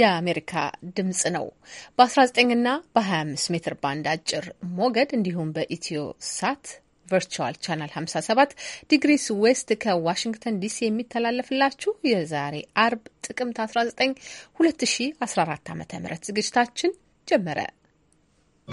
የአሜሪካ ድምጽ ነው። በ19ና በ25 ሜትር ባንድ አጭር ሞገድ እንዲሁም በኢትዮ ሳት ቨርቹዋል ቻናል 57 ዲግሪስ ዌስት ከዋሽንግተን ዲሲ የሚተላለፍላችሁ የዛሬ አርብ ጥቅምት 19 2014 ዓ ም ዝግጅታችን ጀመረ። ¶¶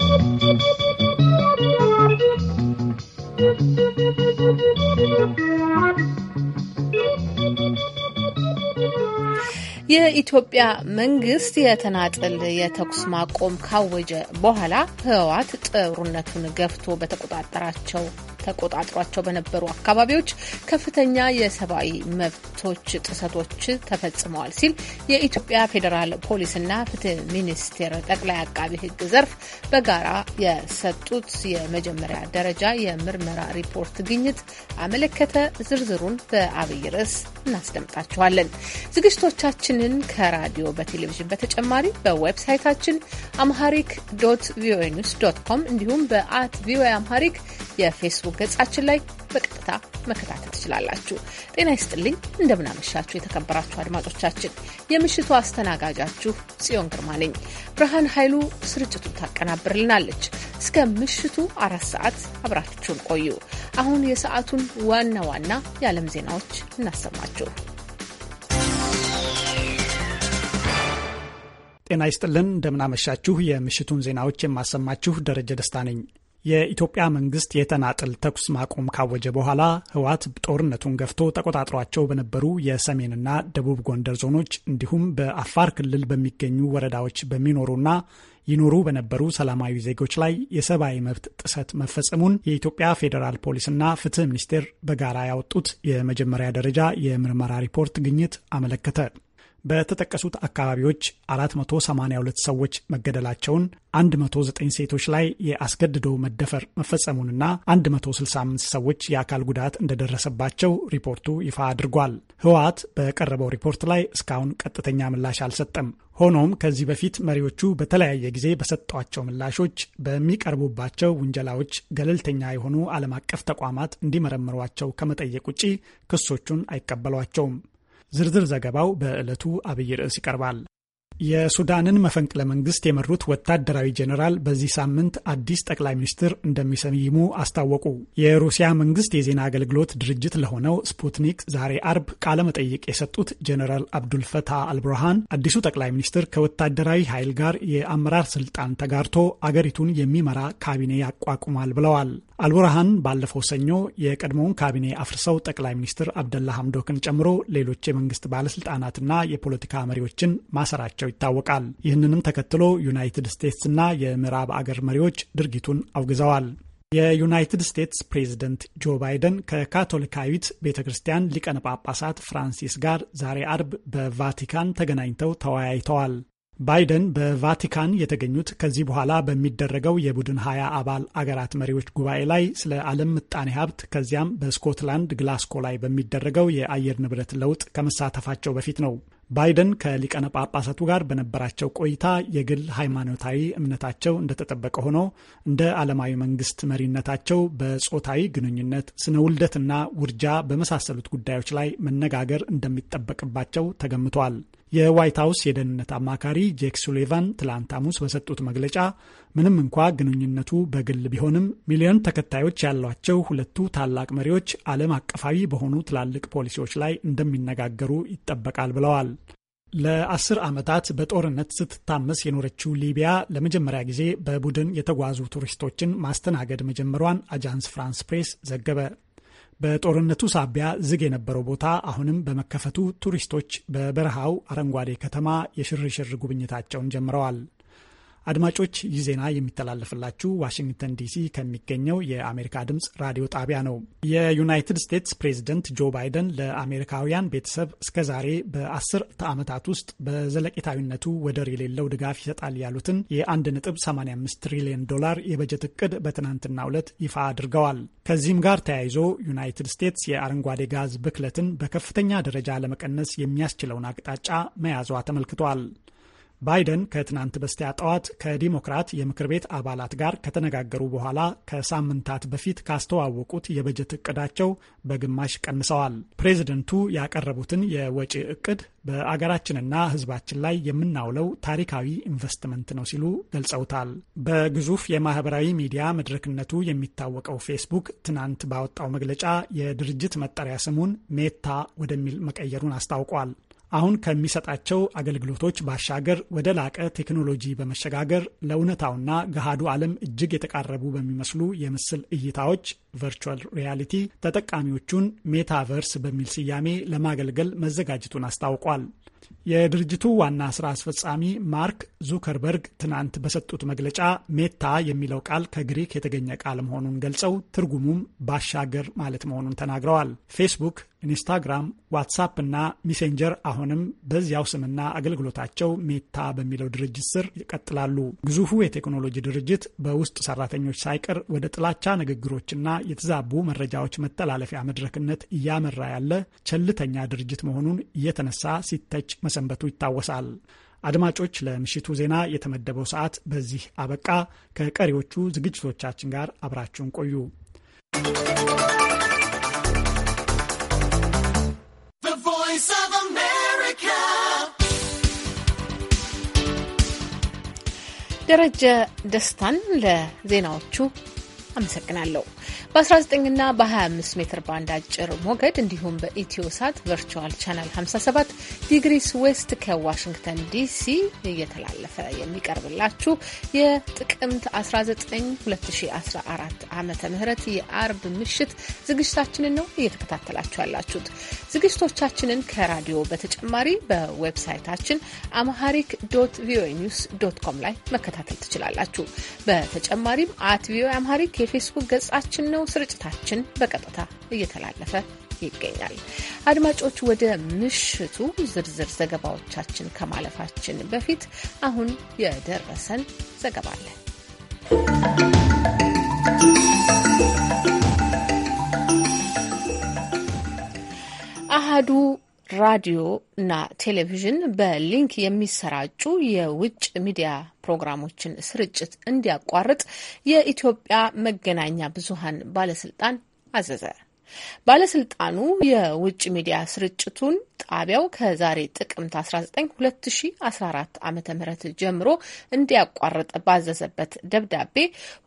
የኢትዮጵያ መንግስት የተናጠል የተኩስ ማቆም ካወጀ በኋላ ህወሓት ጥሩነቱን ገፍቶ በተቆጣጠራቸው ተቆጣጥሯቸው በነበሩ አካባቢዎች ከፍተኛ የሰብአዊ መብቶች ጥሰቶች ተፈጽመዋል ሲል የኢትዮጵያ ፌዴራል ፖሊስና ፍትህ ሚኒስቴር ጠቅላይ አቃቢ ህግ ዘርፍ በጋራ የሰጡት የመጀመሪያ ደረጃ የምርመራ ሪፖርት ግኝት አመለከተ። ዝርዝሩን በአብይ ርዕስ እናስደምጣችኋለን። ዝግጅቶቻችንን ከራዲዮ በቴሌቪዥን በተጨማሪ በዌብሳይታችን አምሃሪክ ዶት ቪኦኤ ኒውስ ዶት ኮም እንዲሁም በአት ቪኦኤ አምሃሪክ የፌስቡክ በፌስቡክ ገጻችን ላይ በቀጥታ መከታተል ትችላላችሁ። ጤና ይስጥልኝ፣ እንደምናመሻችሁ የተከበራችሁ አድማጮቻችን። የምሽቱ አስተናጋጃችሁ ጽዮን ግርማ ነኝ። ብርሃን ኃይሉ ስርጭቱን ታቀናብርልናለች። እስከ ምሽቱ አራት ሰዓት አብራችሁን ቆዩ። አሁን የሰዓቱን ዋና ዋና የዓለም ዜናዎች እናሰማችሁ። ጤና ይስጥልን እንደምናመሻችሁ። የምሽቱን ዜናዎች የማሰማችሁ ደረጀ ደስታ ነኝ። የኢትዮጵያ መንግስት የተናጥል ተኩስ ማቆም ካወጀ በኋላ ህወሓት ጦርነቱን ገፍቶ ተቆጣጥሯቸው በነበሩ የሰሜንና ደቡብ ጎንደር ዞኖች እንዲሁም በአፋር ክልል በሚገኙ ወረዳዎች በሚኖሩና ይኖሩ በነበሩ ሰላማዊ ዜጎች ላይ የሰብአዊ መብት ጥሰት መፈጸሙን የኢትዮጵያ ፌዴራል ፖሊስና ፍትህ ሚኒስቴር በጋራ ያወጡት የመጀመሪያ ደረጃ የምርመራ ሪፖርት ግኝት አመለከተ። በተጠቀሱት አካባቢዎች 482 ሰዎች መገደላቸውን 109 ሴቶች ላይ የአስገድዶ መደፈር መፈጸሙንና 165 ሰዎች የአካል ጉዳት እንደደረሰባቸው ሪፖርቱ ይፋ አድርጓል። ህወሓት በቀረበው ሪፖርት ላይ እስካሁን ቀጥተኛ ምላሽ አልሰጠም። ሆኖም ከዚህ በፊት መሪዎቹ በተለያየ ጊዜ በሰጧቸው ምላሾች በሚቀርቡባቸው ውንጀላዎች ገለልተኛ የሆኑ ዓለም አቀፍ ተቋማት እንዲመረምሯቸው ከመጠየቅ ውጪ ክሶቹን አይቀበሏቸውም። ዝርዝር ዘገባው በዕለቱ አብይ ርዕስ ይቀርባል። የሱዳንን መፈንቅለ መንግስት የመሩት ወታደራዊ ጀኔራል በዚህ ሳምንት አዲስ ጠቅላይ ሚኒስትር እንደሚሰይሙ አስታወቁ። የሩሲያ መንግስት የዜና አገልግሎት ድርጅት ለሆነው ስፑትኒክ ዛሬ አርብ ቃለመጠይቅ የሰጡት ጀኔራል አብዱልፈታ አልብርሃን አዲሱ ጠቅላይ ሚኒስትር ከወታደራዊ ኃይል ጋር የአመራር ስልጣን ተጋርቶ አገሪቱን የሚመራ ካቢኔ ያቋቁማል ብለዋል። አልቡርሃን ባለፈው ሰኞ የቀድሞውን ካቢኔ አፍርሰው ጠቅላይ ሚኒስትር አብደላ ሐምዶክን ጨምሮ ሌሎች የመንግስት ባለስልጣናትና የፖለቲካ መሪዎችን ማሰራቸው መሆናቸው ይታወቃል። ይህንንም ተከትሎ ዩናይትድ ስቴትስና የምዕራብ አገር መሪዎች ድርጊቱን አውግዘዋል። የዩናይትድ ስቴትስ ፕሬዝደንት ጆ ባይደን ከካቶሊካዊት ቤተ ክርስቲያን ሊቀነ ጳጳሳት ፍራንሲስ ጋር ዛሬ አርብ በቫቲካን ተገናኝተው ተወያይተዋል። ባይደን በቫቲካን የተገኙት ከዚህ በኋላ በሚደረገው የቡድን ሀያ አባል አገራት መሪዎች ጉባኤ ላይ ስለ ዓለም ምጣኔ ሀብት ከዚያም በስኮትላንድ ግላስኮ ላይ በሚደረገው የአየር ንብረት ለውጥ ከመሳተፋቸው በፊት ነው። ባይደን ከሊቀነ ጳጳሳቱ ጋር በነበራቸው ቆይታ የግል ሃይማኖታዊ እምነታቸው እንደተጠበቀ ሆኖ እንደ ዓለማዊ መንግስት መሪነታቸው በጾታዊ ግንኙነት፣ ስነ ውልደትና ውርጃ በመሳሰሉት ጉዳዮች ላይ መነጋገር እንደሚጠበቅባቸው ተገምቷል። የዋይት ሀውስ የደህንነት አማካሪ ጄክ ሱሊቫን ትላንት ሐሙስ በሰጡት መግለጫ ምንም እንኳ ግንኙነቱ በግል ቢሆንም ሚሊዮን ተከታዮች ያሏቸው ሁለቱ ታላቅ መሪዎች ዓለም አቀፋዊ በሆኑ ትላልቅ ፖሊሲዎች ላይ እንደሚነጋገሩ ይጠበቃል ብለዋል። ለአስር ዓመታት በጦርነት ስትታመስ የኖረችው ሊቢያ ለመጀመሪያ ጊዜ በቡድን የተጓዙ ቱሪስቶችን ማስተናገድ መጀመሯን አጃንስ ፍራንስ ፕሬስ ዘገበ። በጦርነቱ ሳቢያ ዝግ የነበረው ቦታ አሁንም በመከፈቱ ቱሪስቶች በበረሃው አረንጓዴ ከተማ የሽርሽር ጉብኝታቸውን ጀምረዋል። አድማጮች ይህ ዜና የሚተላለፍላችሁ ዋሽንግተን ዲሲ ከሚገኘው የአሜሪካ ድምፅ ራዲዮ ጣቢያ ነው። የዩናይትድ ስቴትስ ፕሬዝደንት ጆ ባይደን ለአሜሪካውያን ቤተሰብ እስከዛሬ በአስር ዓመታት ውስጥ በዘለቄታዊነቱ ወደር የሌለው ድጋፍ ይሰጣል ያሉትን የ1.85 ትሪሊዮን ዶላር የበጀት እቅድ በትናንትናው ዕለት ይፋ አድርገዋል። ከዚህም ጋር ተያይዞ ዩናይትድ ስቴትስ የአረንጓዴ ጋዝ ብክለትን በከፍተኛ ደረጃ ለመቀነስ የሚያስችለውን አቅጣጫ መያዟ ተመልክቷል። ባይደን ከትናንት በስቲያ ጠዋት ከዲሞክራት የምክር ቤት አባላት ጋር ከተነጋገሩ በኋላ ከሳምንታት በፊት ካስተዋወቁት የበጀት እቅዳቸው በግማሽ ቀንሰዋል። ፕሬዝደንቱ ያቀረቡትን የወጪ እቅድ በአገራችንና ሕዝባችን ላይ የምናውለው ታሪካዊ ኢንቨስትመንት ነው ሲሉ ገልጸውታል። በግዙፍ የማህበራዊ ሚዲያ መድረክነቱ የሚታወቀው ፌስቡክ ትናንት ባወጣው መግለጫ የድርጅት መጠሪያ ስሙን ሜታ ወደሚል መቀየሩን አስታውቋል። አሁን ከሚሰጣቸው አገልግሎቶች ባሻገር ወደ ላቀ ቴክኖሎጂ በመሸጋገር ለእውነታውና ገሃዱ ዓለም እጅግ የተቃረቡ በሚመስሉ የምስል እይታዎች ቨርቹዋል ሪያሊቲ ተጠቃሚዎቹን ሜታቨርስ በሚል ስያሜ ለማገልገል መዘጋጀቱን አስታውቋል። የድርጅቱ ዋና ስራ አስፈጻሚ ማርክ ዙከርበርግ ትናንት በሰጡት መግለጫ ሜታ የሚለው ቃል ከግሪክ የተገኘ ቃል መሆኑን ገልጸው ትርጉሙም ባሻገር ማለት መሆኑን ተናግረዋል። ፌስቡክ፣ ኢንስታግራም፣ ዋትሳፕ እና ሚሴንጀር አሁንም በዚያው ስምና አገልግሎታቸው ሜታ በሚለው ድርጅት ስር ይቀጥላሉ። ግዙፉ የቴክኖሎጂ ድርጅት በውስጥ ሰራተኞች ሳይቀር ወደ ጥላቻ ንግግሮችና የተዛቡ መረጃዎች መተላለፊያ መድረክነት እያመራ ያለ ቸልተኛ ድርጅት መሆኑን እየተነሳ ሲተች መሰንበቱ ይታወሳል። አድማጮች፣ ለምሽቱ ዜና የተመደበው ሰዓት በዚህ አበቃ። ከቀሪዎቹ ዝግጅቶቻችን ጋር አብራችሁን ቆዩ። ደረጀ ደስታን ለዜናዎቹ አመሰግናለሁ። በ19 ና በ25 ሜትር ባንድ አጭር ሞገድ እንዲሁም በኢትዮ ሳት ቨርቹዋል ቻናል 57 ዲግሪስ ዌስት ከዋሽንግተን ዲሲ እየተላለፈ የሚቀርብላችሁ የጥቅምት 19 2014 ዓ ም የአርብ ምሽት ዝግጅታችንን ነው እየተከታተላችሁ ያላችሁት። ዝግጅቶቻችንን ከራዲዮ በተጨማሪ በዌብሳይታችን አምሃሪክ ዶት ቪኦኤ ኒውስ ዶት ኮም ላይ መከታተል ትችላላችሁ። በተጨማሪም አት ቪኦኤ አምሃሪክ የፌስቡክ ገጻችን ነው። ስርጭታችን በቀጥታ እየተላለፈ ይገኛል። አድማጮች፣ ወደ ምሽቱ ዝርዝር ዘገባዎቻችን ከማለፋችን በፊት አሁን የደረሰን ዘገባ አለ። አሃዱ ራዲዮ እና ቴሌቪዥን በሊንክ የሚሰራጩ የውጭ ሚዲያ ፕሮግራሞችን ስርጭት እንዲያቋርጥ የኢትዮጵያ መገናኛ ብዙሃን ባለስልጣን አዘዘ። ባለስልጣኑ የውጭ ሚዲያ ስርጭቱን ጣቢያው ከዛሬ ጥቅምት 19 2014 ዓ ም ጀምሮ እንዲያቋርጥ ባዘዘበት ደብዳቤ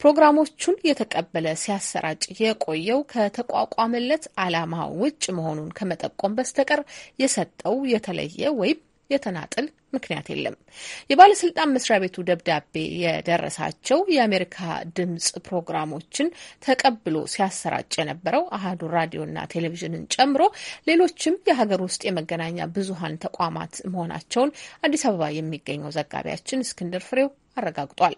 ፕሮግራሞቹን የተቀበለ ሲያሰራጭ የቆየው ከተቋቋመለት ዓላማ ውጭ መሆኑን ከመጠቆም በስተቀር የሰጠው የተለየ ወይም የተናጥል ምክንያት የለም። የባለስልጣን መስሪያ ቤቱ ደብዳቤ የደረሳቸው የአሜሪካ ድምጽ ፕሮግራሞችን ተቀብሎ ሲያሰራጭ የነበረው አህዱ ራዲዮና ቴሌቪዥንን ጨምሮ ሌሎችም የሀገር ውስጥ የመገናኛ ብዙሀን ተቋማት መሆናቸውን አዲስ አበባ የሚገኘው ዘጋቢያችን እስክንድር ፍሬው አረጋግጧል።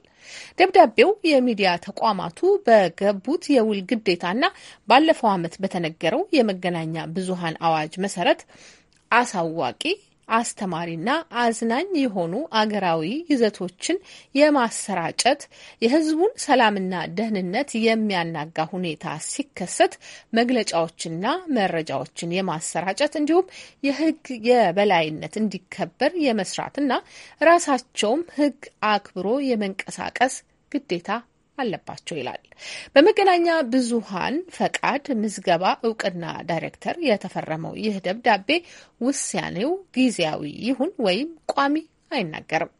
ደብዳቤው የሚዲያ ተቋማቱ በገቡት የውል ግዴታና ባለፈው ዓመት በተነገረው የመገናኛ ብዙሀን አዋጅ መሰረት አሳዋቂ አስተማሪና አዝናኝ የሆኑ አገራዊ ይዘቶችን የማሰራጨት የሕዝቡን ሰላምና ደህንነት የሚያናጋ ሁኔታ ሲከሰት መግለጫዎችና መረጃዎችን የማሰራጨት እንዲሁም የሕግ የበላይነት እንዲከበር የመስራትና ራሳቸውም ሕግ አክብሮ የመንቀሳቀስ ግዴታ አለባቸው ይላል። በመገናኛ ብዙሃን ፈቃድ ምዝገባ እውቅና ዳይሬክተር የተፈረመው ይህ ደብዳቤ ውሳኔው ጊዜያዊ ይሁን ወይም ቋሚ አይናገርም።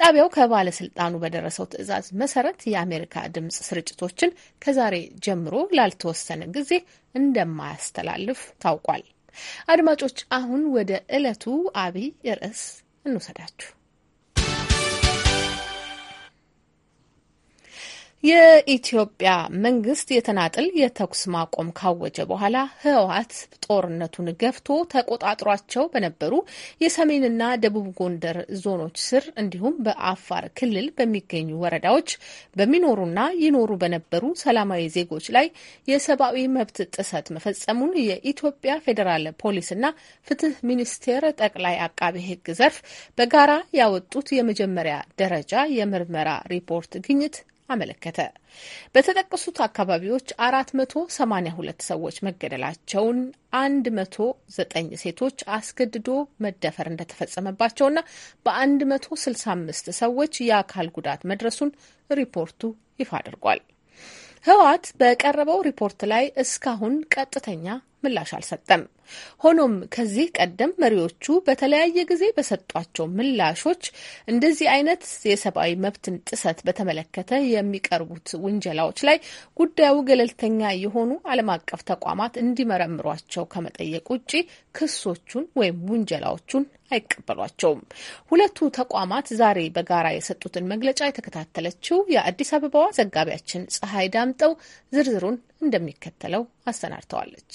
ጣቢያው ከባለስልጣኑ በደረሰው ትዕዛዝ መሰረት የአሜሪካ ድምፅ ስርጭቶችን ከዛሬ ጀምሮ ላልተወሰነ ጊዜ እንደማያስተላልፍ ታውቋል። አድማጮች፣ አሁን ወደ ዕለቱ አብይ ርዕስ እንውሰዳችሁ። የኢትዮጵያ መንግስት የተናጥል የተኩስ ማቆም ካወጀ በኋላ ህወሓት ጦርነቱን ገፍቶ ተቆጣጥሯቸው በነበሩ የሰሜንና ደቡብ ጎንደር ዞኖች ስር እንዲሁም በአፋር ክልል በሚገኙ ወረዳዎች በሚኖሩና ይኖሩ በነበሩ ሰላማዊ ዜጎች ላይ የሰብአዊ መብት ጥሰት መፈጸሙን የኢትዮጵያ ፌዴራል ፖሊስና ፍትህ ሚኒስቴር ጠቅላይ አቃቤ ህግ ዘርፍ በጋራ ያወጡት የመጀመሪያ ደረጃ የምርመራ ሪፖርት ግኝት አመለከተ። በተጠቀሱት አካባቢዎች 482 ሰዎች መገደላቸውን፣ 109 ሴቶች አስገድዶ መደፈር እንደተፈጸመባቸውና በ165 ሰዎች የአካል ጉዳት መድረሱን ሪፖርቱ ይፋ አድርጓል። ህወሓት በቀረበው ሪፖርት ላይ እስካሁን ቀጥተኛ ምላሽ አልሰጠም። ሆኖም ከዚህ ቀደም መሪዎቹ በተለያየ ጊዜ በሰጧቸው ምላሾች እንደዚህ አይነት የሰብአዊ መብትን ጥሰት በተመለከተ የሚቀርቡት ውንጀላዎች ላይ ጉዳዩ ገለልተኛ የሆኑ ዓለም አቀፍ ተቋማት እንዲመረምሯቸው ከመጠየቅ ውጭ ክሶቹን ወይም ውንጀላዎቹን አይቀበሏቸውም። ሁለቱ ተቋማት ዛሬ በጋራ የሰጡትን መግለጫ የተከታተለችው የአዲስ አበባዋ ዘጋቢያችን ፀሐይ ዳምጠው ዝርዝሩን እንደሚከተለው አሰናድተዋለች።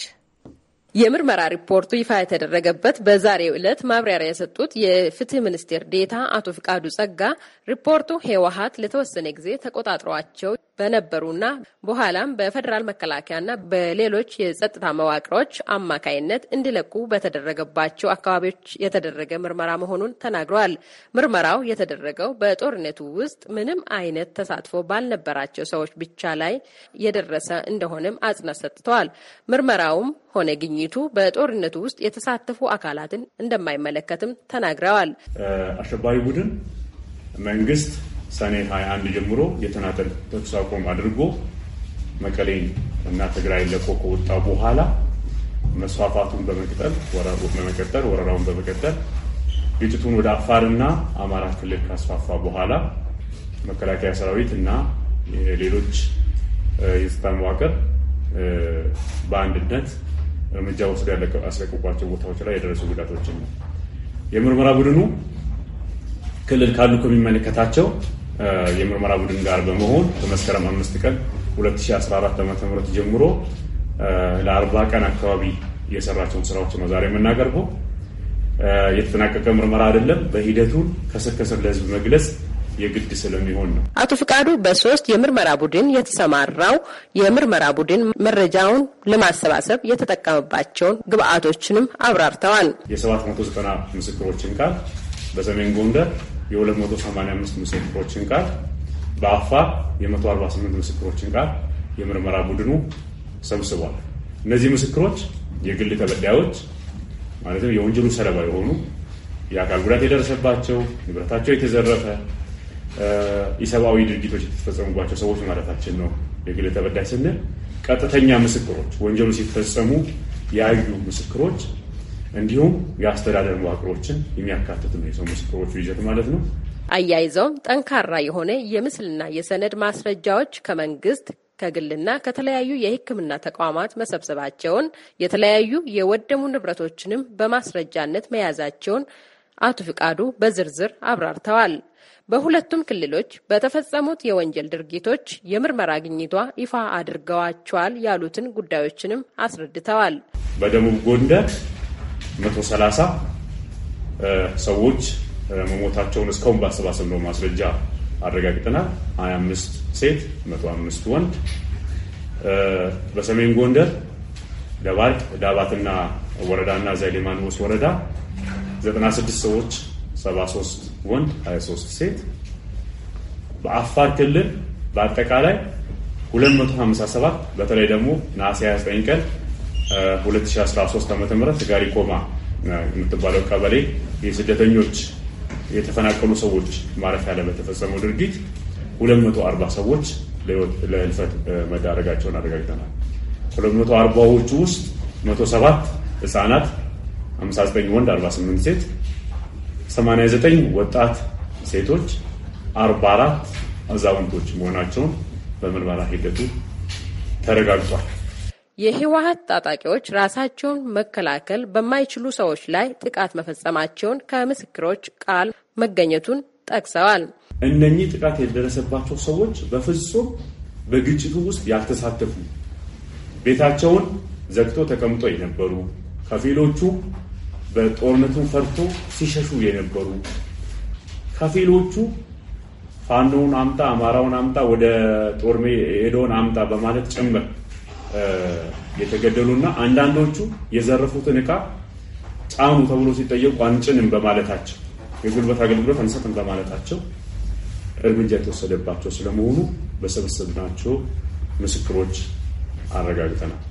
የምርመራ ሪፖርቱ ይፋ የተደረገበት በዛሬው ዕለት ማብራሪያ የሰጡት የፍትህ ሚኒስቴር ዴታ አቶ ፍቃዱ ጸጋ ሪፖርቱ ህወሀት ለተወሰነ ጊዜ ተቆጣጥሯቸው በነበሩና በኋላም በፌዴራል መከላከያና በሌሎች የጸጥታ መዋቅሮች አማካይነት እንዲለቁ በተደረገባቸው አካባቢዎች የተደረገ ምርመራ መሆኑን ተናግረዋል። ምርመራው የተደረገው በጦርነቱ ውስጥ ምንም አይነት ተሳትፎ ባልነበራቸው ሰዎች ብቻ ላይ የደረሰ እንደሆነም አጽንኦት ሰጥተዋል። ምርመራውም ሆነ ግኝቱ በጦርነቱ ውስጥ የተሳተፉ አካላትን እንደማይመለከትም ተናግረዋል። አሸባሪ ቡድን መንግስት ሰኔ 21 ጀምሮ የተናጠል ተኩስ አቁም አድርጎ መቀሌን እና ትግራይን ለቆ ከወጣ በኋላ መስፋፋቱን በመቀጠል በመቀጠል ወረራውን በመቀጠል ግጭቱን ወደ አፋርና አማራ ክልል ካስፋፋ በኋላ መከላከያ ሰራዊት እና ሌሎች የጸጥታ መዋቅር በአንድነት እርምጃ ወስዶ ያስለቀቋቸው ቦታዎች ላይ የደረሱ ጉዳቶችን ነው። የምርመራ ቡድኑ ክልል ካሉ ከሚመለከታቸው የምርመራ ቡድን ጋር በመሆን በመስከረም አምስት ቀን 2014 ዓ.ም ጀምሮ ለአርባ ቀን አካባቢ የሰራቸውን ስራዎች ነው ዛሬ የምናቀርበው። የተጠናቀቀ ምርመራ አይደለም። በሂደቱን ከስር ከስር ለህዝብ መግለጽ የግድ ስለሚሆን ነው። አቶ ፍቃዱ በሶስት የምርመራ ቡድን የተሰማራው የምርመራ ቡድን መረጃውን ለማሰባሰብ የተጠቀመባቸውን ግብአቶችንም አብራርተዋል። የ790 ምስክሮችን ቃል በሰሜን ጎንደር የ285 ምስክሮችን ቃል በአፋር የ148 ምስክሮችን ቃል የምርመራ ቡድኑ ሰብስቧል። እነዚህ ምስክሮች የግል ተበዳዮች ማለትም የወንጀሉ ሰለባ የሆኑ የአካል ጉዳት የደረሰባቸው፣ ንብረታቸው የተዘረፈ፣ ኢሰብአዊ ድርጊቶች የተፈጸሙባቸው ሰዎች ማለታችን ነው። የግል ተበዳይ ስንል ቀጥተኛ ምስክሮች፣ ወንጀሉ ሲፈጸሙ ያዩ ምስክሮች እንዲሁም የአስተዳደር መዋቅሮችን የሚያካትት ነው የሰው ምስክሮቹ ይዘት ማለት ነው። አያይዘውም ጠንካራ የሆነ የምስልና የሰነድ ማስረጃዎች ከመንግስት ከግልና ከተለያዩ የሕክምና ተቋማት መሰብሰባቸውን የተለያዩ የወደሙ ንብረቶችንም በማስረጃነት መያዛቸውን አቶ ፍቃዱ በዝርዝር አብራርተዋል። በሁለቱም ክልሎች በተፈጸሙት የወንጀል ድርጊቶች የምርመራ ግኝቷ ይፋ አድርገዋቸዋል ያሉትን ጉዳዮችንም አስረድተዋል። በደቡብ ጎንደር 130 ሰዎች መሞታቸውን እስካሁን በአሰባሰብ ነው ማስረጃ አረጋግጠናል። 25 ሴት፣ 105 ወንድ። በሰሜን ጎንደር ደባርቅ፣ ዳባትና ወረዳና ውስጥ ወረዳ 96 ሰዎች፣ 73 ወንድ፣ 23 ሴት። በአፋር ክልል በአጠቃላይ 257 በተለይ ደግሞ ነሐሴ 29 ቀን 2013 ዓ ም ጋሪኮማ የምትባለው ቀበሌ የስደተኞች የተፈናቀሉ ሰዎች ማረፊያ ላይ በተፈጸመው ድርጊት 240 ሰዎች ለህልፈት መዳረጋቸውን አረጋግጠናል። 240ዎቹ ውስጥ 107 ህፃናት 59 ወንድ፣ 48 ሴት፣ 89 ወጣት ሴቶች፣ 44 አዛውንቶች መሆናቸውን በምርመራ ሂደቱ ተረጋግጧል። የህወሀት ታጣቂዎች ራሳቸውን መከላከል በማይችሉ ሰዎች ላይ ጥቃት መፈጸማቸውን ከምስክሮች ቃል መገኘቱን ጠቅሰዋል። እነኚህ ጥቃት የደረሰባቸው ሰዎች በፍጹም በግጭቱ ውስጥ ያልተሳተፉ፣ ቤታቸውን ዘግቶ ተቀምጦ የነበሩ፣ ከፊሎቹ በጦርነቱ ፈርቶ ሲሸሹ የነበሩ፣ ከፊሎቹ ፋኖውን አምጣ፣ አማራውን አምጣ፣ ወደ ጦር ሜዳውን አምጣ በማለት ጭምር የተገደሉና አንዳንዶቹ የዘረፉትን እቃ ጫኑ ተብሎ ሲጠየቁ አንጭንም በማለታቸው የጉልበት አገልግሎት አንሰጥም በማለታቸው እርምጃ የተወሰደባቸው ስለመሆኑ በሰበሰብናቸው ምስክሮች አረጋግጠናል።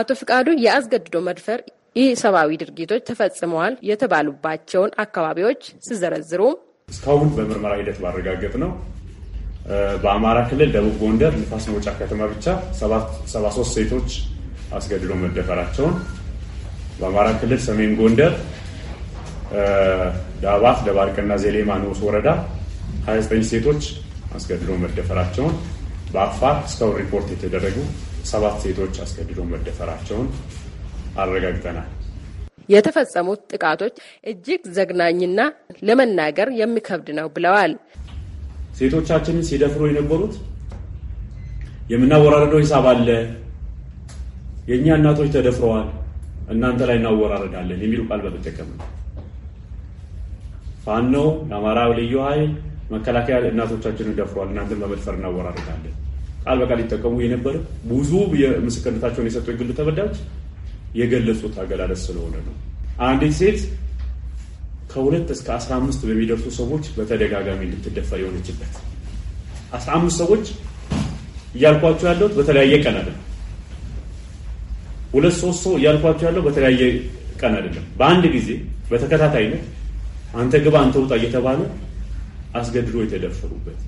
አቶ ፍቃዱ የአስገድዶ መድፈር ይህ ሰብአዊ ድርጊቶች ተፈጽመዋል የተባሉባቸውን አካባቢዎች ሲዘረዝሩም እስካሁን በምርመራ ሂደት ባረጋገጥ ነው በአማራ ክልል ደቡብ ጎንደር ንፋስ መውጫ ከተማ ብቻ 73 ሴቶች አስገድዶ መደፈራቸውን፣ በአማራ ክልል ሰሜን ጎንደር ዳባት፣ ደባርቅና ዜሌማ ንዑስ ወረዳ 29 ሴቶች አስገድዶ መደፈራቸውን፣ በአፋር እስካሁን ሪፖርት የተደረጉ ሰባት ሴቶች አስገድዶ መደፈራቸውን አረጋግጠናል። የተፈጸሙት ጥቃቶች እጅግ ዘግናኝና ለመናገር የሚከብድ ነው ብለዋል። ሴቶቻችንን ሲደፍሩ የነበሩት የምናወራረደው ሂሳብ አለ፣ የእኛ እናቶች ተደፍረዋል፣ እናንተ ላይ እናወራረዳለን የሚሉ ቃል በመጠቀም ነው። ፋኖ የአማራ ልዩ ኃይል መከላከያ እናቶቻችንን ደፍረዋል፣ እናንተን በመድፈር እናወራረዳለን ቃል በቃል ይጠቀሙ የነበረ ብዙ የምስክርነታቸውን የሰጡ የግል ተበዳዮች የገለጹት አገላለጽ ስለሆነ ነው። አንዲት ሴት ከሁለት እስከ 15 በሚደርሱ ሰዎች በተደጋጋሚ እንድትደፈር የሆነችበት 15 ሰዎች እያልኳቸው ያለሁት በተለያየ ቀን አይደለም። ሁለት ሶስት ሰው እያልኳቸው ያለው በተለያየ ቀን አይደለም። በአንድ ጊዜ በተከታታይነት አንተ ግባ፣ አንተ ውጣ እየተባለ አስገድዶ የተደፈሩበት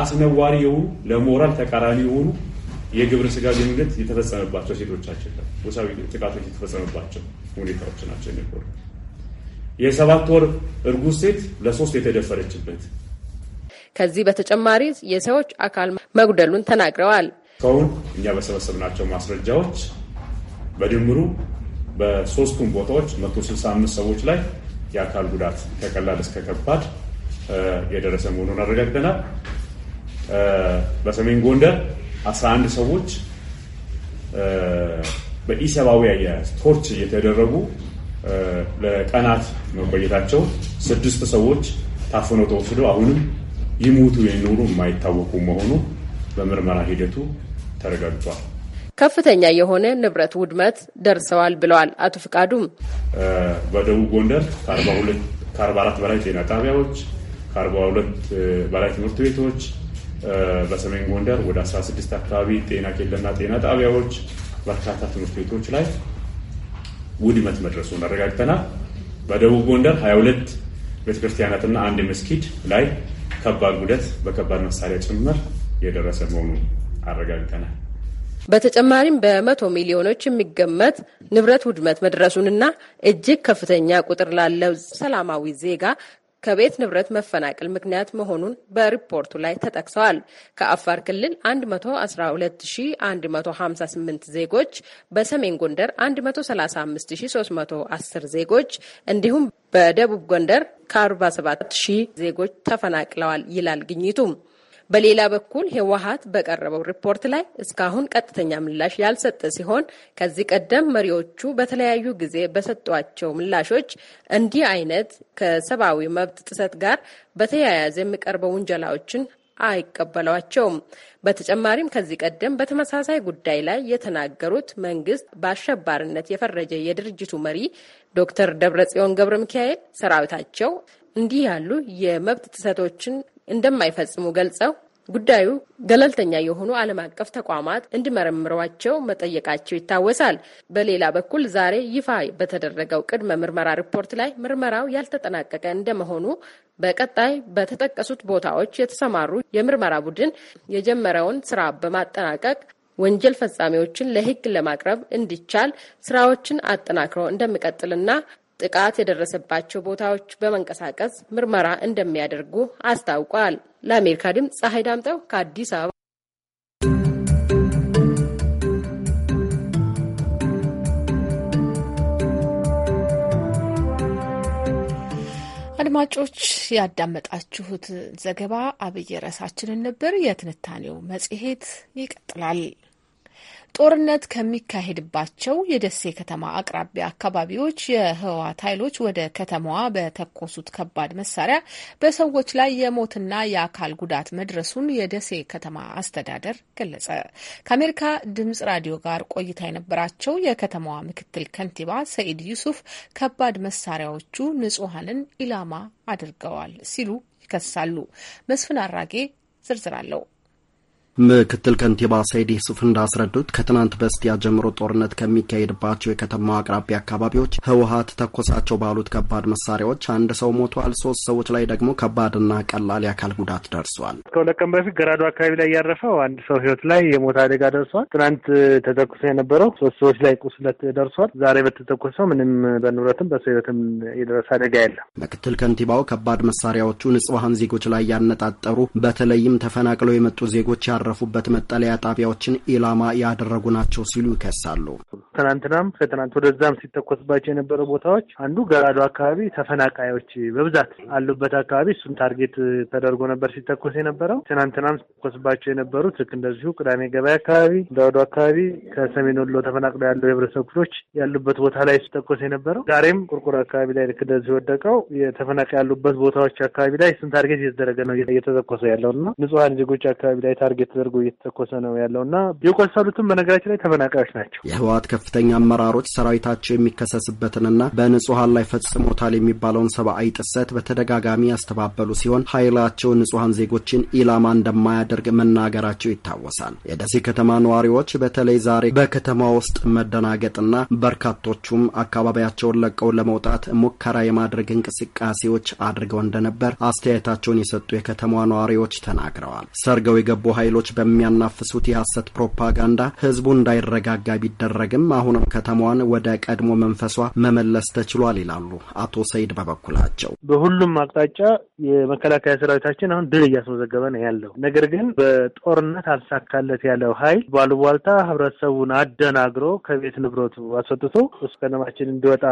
አስነዋሪ የሆኑ ለሞራል ተቃራኒ የሆኑ የግብረ ስጋ ግንኙነት የተፈጸመባቸው ሴቶቻችን ላይ ወሲባዊ ጥቃቶች የተፈጸመባቸው ሁኔታዎች ናቸው የነበሩ። የሰባት ወር እርጉዝ ሴት ለሶስት የተደፈረችበት። ከዚህ በተጨማሪ የሰዎች አካል መጉደሉን ተናግረዋል። እስካሁን እኛ በሰበሰብናቸው ማስረጃዎች በድምሩ በሶስቱም ቦታዎች 165 ሰዎች ላይ የአካል ጉዳት ከቀላል እስከ ከባድ የደረሰ መሆኑን አረጋግጠናል። በሰሜን ጎንደር 11 ሰዎች በኢሰብአዊ አያያዝ ቶርች እየተደረጉ ለቀናት መቆየታቸው ስድስት ሰዎች ታፍነው ተወስደው አሁንም ይሞቱ የኖሩ የማይታወቁ መሆኑ በምርመራ ሂደቱ ተረጋግጧል። ከፍተኛ የሆነ ንብረት ውድመት ደርሰዋል ብለዋል አቶ ፍቃዱም። በደቡብ ጎንደር ከ44 በላይ ጤና ጣቢያዎች፣ ከ42 በላይ ትምህርት ቤቶች፣ በሰሜን ጎንደር ወደ 16 አካባቢ ጤና ኬላና ጤና ጣቢያዎች፣ በርካታ ትምህርት ቤቶች ላይ ውድመት መድረሱን አረጋግጠናል። በደቡብ ጎንደር 22 ቤተክርስቲያናትና አንድ መስጊድ ላይ ከባድ ጉደት በከባድ መሳሪያ ጭምር የደረሰ መሆኑን አረጋግጠናል። በተጨማሪም በመቶ ሚሊዮኖች የሚገመት ንብረት ውድመት መድረሱንና እጅግ ከፍተኛ ቁጥር ላለው ሰላማዊ ዜጋ ከቤት ንብረት መፈናቀል ምክንያት መሆኑን በሪፖርቱ ላይ ተጠቅሰዋል። ከአፋር ክልል 112158 ዜጎች፣ በሰሜን ጎንደር 135310 ዜጎች እንዲሁም በደቡብ ጎንደር ከ47000 ዜጎች ተፈናቅለዋል ይላል ግኝቱ። በሌላ በኩል ህወሀት በቀረበው ሪፖርት ላይ እስካሁን ቀጥተኛ ምላሽ ያልሰጠ ሲሆን ከዚህ ቀደም መሪዎቹ በተለያዩ ጊዜ በሰጧቸው ምላሾች እንዲህ አይነት ከሰብአዊ መብት ጥሰት ጋር በተያያዘ የሚቀርበው ውንጀላዎችን አይቀበሏቸውም። በተጨማሪም ከዚህ ቀደም በተመሳሳይ ጉዳይ ላይ የተናገሩት መንግስት በአሸባሪነት የፈረጀ የድርጅቱ መሪ ዶክተር ደብረጽዮን ገብረ ሚካኤል ሰራዊታቸው እንዲህ ያሉ የመብት ጥሰቶችን እንደማይፈጽሙ ገልጸው ጉዳዩ ገለልተኛ የሆኑ ዓለም አቀፍ ተቋማት እንዲመረምሯቸው መጠየቃቸው ይታወሳል። በሌላ በኩል ዛሬ ይፋ በተደረገው ቅድመ ምርመራ ሪፖርት ላይ ምርመራው ያልተጠናቀቀ እንደመሆኑ በቀጣይ በተጠቀሱት ቦታዎች የተሰማሩ የምርመራ ቡድን የጀመረውን ስራ በማጠናቀቅ ወንጀል ፈጻሚዎችን ለሕግ ለማቅረብ እንዲቻል ስራዎችን አጠናክሮ እንደሚቀጥልና ጥቃት የደረሰባቸው ቦታዎች በመንቀሳቀስ ምርመራ እንደሚያደርጉ አስታውቋል። ለአሜሪካ ድምፅ ፀሐይ ዳምጠው ከአዲስ አበባ። አድማጮች ያዳመጣችሁት ዘገባ አብይ ርዕሳችንን ነበር። የትንታኔው መጽሔት ይቀጥላል። ጦርነት ከሚካሄድባቸው የደሴ ከተማ አቅራቢያ አካባቢዎች የህወሓት ኃይሎች ወደ ከተማዋ በተኮሱት ከባድ መሳሪያ በሰዎች ላይ የሞትና የአካል ጉዳት መድረሱን የደሴ ከተማ አስተዳደር ገለጸ። ከአሜሪካ ድምጽ ራዲዮ ጋር ቆይታ የነበራቸው የከተማዋ ምክትል ከንቲባ ሰኢድ ዩሱፍ ከባድ መሳሪያዎቹ ንጹሐንን ኢላማ አድርገዋል ሲሉ ይከሳሉ። መስፍን አራጌ ዝርዝር አለው። ምክትል ከንቲባ ሰይድ ሱፍ እንዳስረዱት ከትናንት በስቲያ ጀምሮ ጦርነት ከሚካሄድባቸው የከተማው አቅራቢያ አካባቢዎች ህወሀት ተኮሳቸው ባሉት ከባድ መሳሪያዎች አንድ ሰው ሞቷል። ሶስት ሰዎች ላይ ደግሞ ከባድና ቀላል የአካል ጉዳት ደርሷል። ከሁለት ቀን በፊት ገራዶ አካባቢ ላይ ያረፈው አንድ ሰው ህይወት ላይ የሞት አደጋ ደርሷል። ትናንት ተተኩሶ የነበረው ሶስት ሰዎች ላይ ቁስለት ደርሷል። ዛሬ በተተኮሰው ምንም በንብረትም በሰው ህይወትም የደረሰ አደጋ የለም። ምክትል ከንቲባው ከባድ መሳሪያዎቹ ንጽዋሀን ዜጎች ላይ ያነጣጠሩ በተለይም ተፈናቅለው የመጡ ዜጎች ያረ የተረፉበት መጠለያ ጣቢያዎችን ኢላማ ያደረጉ ናቸው ሲሉ ይከሳሉ። ትናንትናም ከትናንት ወደዛም ሲተኮስባቸው የነበረ ቦታዎች አንዱ ገራዶ አካባቢ ተፈናቃዮች በብዛት አሉበት አካባቢ እሱም ታርጌት ተደርጎ ነበር ሲተኮስ የነበረው። ትናንትናም ሲተኮስባቸው የነበሩት ልክ እንደዚሁ ቅዳሜ ገበያ አካባቢ፣ ገራዶ አካባቢ ከሰሜን ወሎ ተፈናቅለው ያለው የህብረተሰብ ክፍሎች ያሉበት ቦታ ላይ ሲተኮስ የነበረው ዛሬም ቁርቁር አካባቢ ላይ ልክ እንደዚሁ ወደቀው የተፈናቃ ያሉበት ቦታዎች አካባቢ ላይ እሱም ታርጌት እየተደረገ ነው እየተተኮሰ ያለው እና ንጹሀን ዜጎች አካባቢ ላይ ታርጌት ተደርጎ እየተተኮሰ ነው ያለው እና የቆሰሉትም በነገራችን ላይ ተፈናቃዮች ናቸው። የህወሓት ከፍተኛ አመራሮች ሰራዊታቸው የሚከሰስበትንና በንጹሀን ላይ ፈጽሞታል የሚባለውን ሰብአዊ ጥሰት በተደጋጋሚ ያስተባበሉ ሲሆን ኃይላቸው ንጹሀን ዜጎችን ኢላማ እንደማያደርግ መናገራቸው ይታወሳል። የደሴ ከተማ ነዋሪዎች በተለይ ዛሬ በከተማ ውስጥ መደናገጥና በርካቶቹም አካባቢያቸውን ለቀው ለመውጣት ሙከራ የማድረግ እንቅስቃሴዎች አድርገው እንደነበር አስተያየታቸውን የሰጡ የከተማ ነዋሪዎች ተናግረዋል። ሰርገው የገቡ ኃይሎች ኃይሎች በሚያናፍሱት የሐሰት ፕሮፓጋንዳ ህዝቡ እንዳይረጋጋ ቢደረግም አሁንም ከተማዋን ወደ ቀድሞ መንፈሷ መመለስ ተችሏል ይላሉ አቶ ሰይድ በበኩላቸው። በሁሉም አቅጣጫ የመከላከያ ሰራዊታችን አሁን ድል እያስመዘገበ ነው ያለው። ነገር ግን በጦርነት አልሳካለት ያለው ኃይል ባሉቧልታ ህብረተሰቡን አደናግሮ ከቤት ንብረቱ አስወጥቶ እስከ ከተማችን እንዲወጣ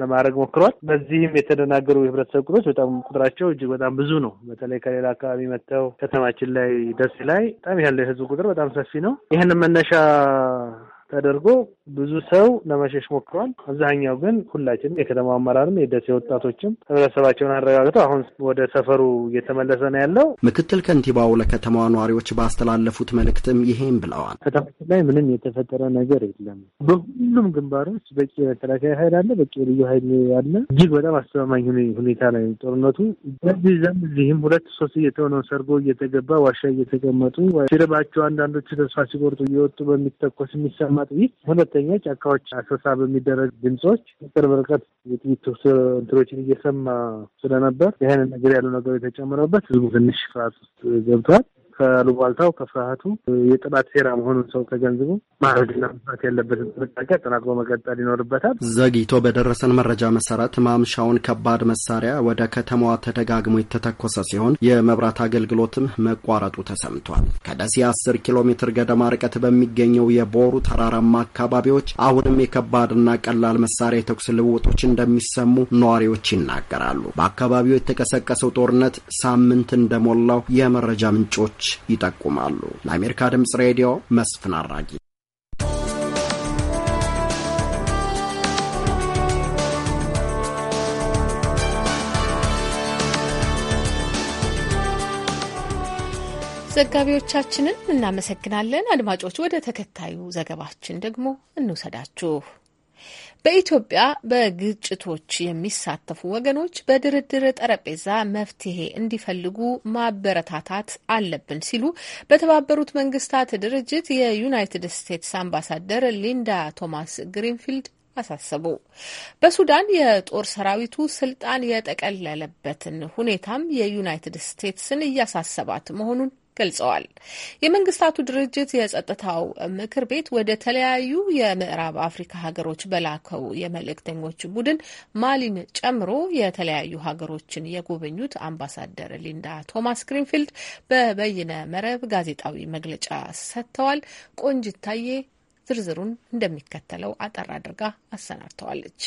ለማድረግ ሞክሯል። በዚህም የተደናገሩ የህብረተሰብ ክፍሎች በጣም ቁጥራቸው እጅግ በጣም ብዙ ነው። በተለይ ከሌላ አካባቢ መጥተው ከተማችን ላይ ደሴ ላይ በጣም ያለው የህዝብ ቁጥር በጣም ሰፊ ነው። ይህንን መነሻ ተደርጎ ብዙ ሰው ለመሸሽ ሞክሯል። አብዛኛው ግን ሁላችንም የከተማ አመራርም የደሴ ወጣቶችም ህብረተሰባቸውን አረጋግጠው አሁን ወደ ሰፈሩ እየተመለሰ ነው ያለው። ምክትል ከንቲባው ለከተማ ነዋሪዎች ባስተላለፉት መልእክትም ይሄም ብለዋል። ከተማችን ላይ ምንም የተፈጠረ ነገር የለም። በሁሉም ግንባሮች በቂ መከላከያ ኃይል አለ፣ በቂ ልዩ ኃይል አለ። እጅግ በጣም አስተማማኝ ሁኔታ ላይ ጦርነቱ በዚህ ዘንድ እዚህም ሁለት ሶስት እየተሆነው ሰርጎ እየተገባ ዋሻ እየተቀመጡ ሲርባቸው አንዳንዶቹ ተስፋ ሲቆርጡ እየወጡ በሚተኮስ የሚሰማ ጥይት ሁለተ ጋዜጠኞች፣ ጫካዎች አሰሳ በሚደረግ ድምጾች ቅርብ ርቀት የጥይት እንትሮችን እየሰማ ስለነበር ይህን ነገር ያሉ ነገሮች የተጨምረበት ህዝቡ ትንሽ ፍርሃት ውስጥ ገብቷል። ከሉቧልታው ከፍርሃቱ የጥላት ሴራ መሆኑን ሰው ተገንዝቦ ማድረግና መስራት ያለበትን ጥንቃቄ አጠናክሮ መቀጠል ይኖርበታል። ዘግይቶ በደረሰን መረጃ መሰረት ማምሻውን ከባድ መሳሪያ ወደ ከተማዋ ተደጋግሞ የተተኮሰ ሲሆን የመብራት አገልግሎትም መቋረጡ ተሰምቷል። ከደሴ 10 ኪሎ ሜትር ገደማ ርቀት በሚገኘው የቦሩ ተራራማ አካባቢዎች አሁንም የከባድና ቀላል መሳሪያ የተኩስ ልውጦች እንደሚሰሙ ነዋሪዎች ይናገራሉ። በአካባቢው የተቀሰቀሰው ጦርነት ሳምንት እንደሞላው የመረጃ ምንጮች ይጠቁማሉ። ለአሜሪካ ድምፅ ሬዲዮ መስፍን አራጊ ዘጋቢዎቻችንን እናመሰግናለን። አድማጮች፣ ወደ ተከታዩ ዘገባችን ደግሞ እንውሰዳችሁ። በኢትዮጵያ በግጭቶች የሚሳተፉ ወገኖች በድርድር ጠረጴዛ መፍትሄ እንዲፈልጉ ማበረታታት አለብን ሲሉ በተባበሩት መንግስታት ድርጅት የዩናይትድ ስቴትስ አምባሳደር ሊንዳ ቶማስ ግሪንፊልድ አሳሰቡ። በሱዳን የጦር ሰራዊቱ ስልጣን የጠቀለለበትን ሁኔታም የዩናይትድ ስቴትስን እያሳሰባት መሆኑን ገልጸዋል። የመንግስታቱ ድርጅት የጸጥታው ምክር ቤት ወደ ተለያዩ የምዕራብ አፍሪካ ሀገሮች በላከው የመልእክተኞች ቡድን ማሊን ጨምሮ የተለያዩ ሀገሮችን የጎበኙት አምባሳደር ሊንዳ ቶማስ ግሪንፊልድ በበይነ መረብ ጋዜጣዊ መግለጫ ሰጥተዋል። ቆንጅታዬ ዝርዝሩን እንደሚከተለው አጠር አድርጋ አሰናድተዋለች።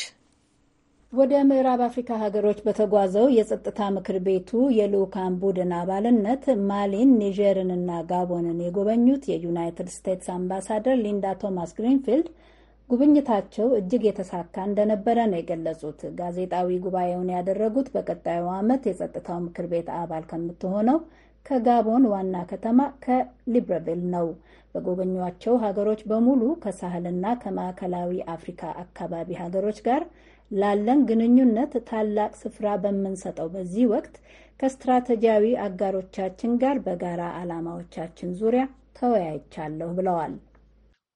ወደ ምዕራብ አፍሪካ ሀገሮች በተጓዘው የጸጥታ ምክር ቤቱ የልዑካን ቡድን አባልነት ማሊን፣ ኒጀርንና ጋቦንን የጎበኙት የዩናይትድ ስቴትስ አምባሳደር ሊንዳ ቶማስ ግሪንፊልድ ጉብኝታቸው እጅግ የተሳካ እንደነበረ ነው የገለጹት። ጋዜጣዊ ጉባኤውን ያደረጉት በቀጣዩ ዓመት የጸጥታው ምክር ቤት አባል ከምትሆነው ከጋቦን ዋና ከተማ ከሊብረቪል ነው። በጎበኟቸው ሀገሮች በሙሉ ከሳህልና ከማዕከላዊ አፍሪካ አካባቢ ሀገሮች ጋር ላለን ግንኙነት ታላቅ ስፍራ በምንሰጠው በዚህ ወቅት ከስትራቴጂያዊ አጋሮቻችን ጋር በጋራ ዓላማዎቻችን ዙሪያ ተወያይቻለሁ ብለዋል።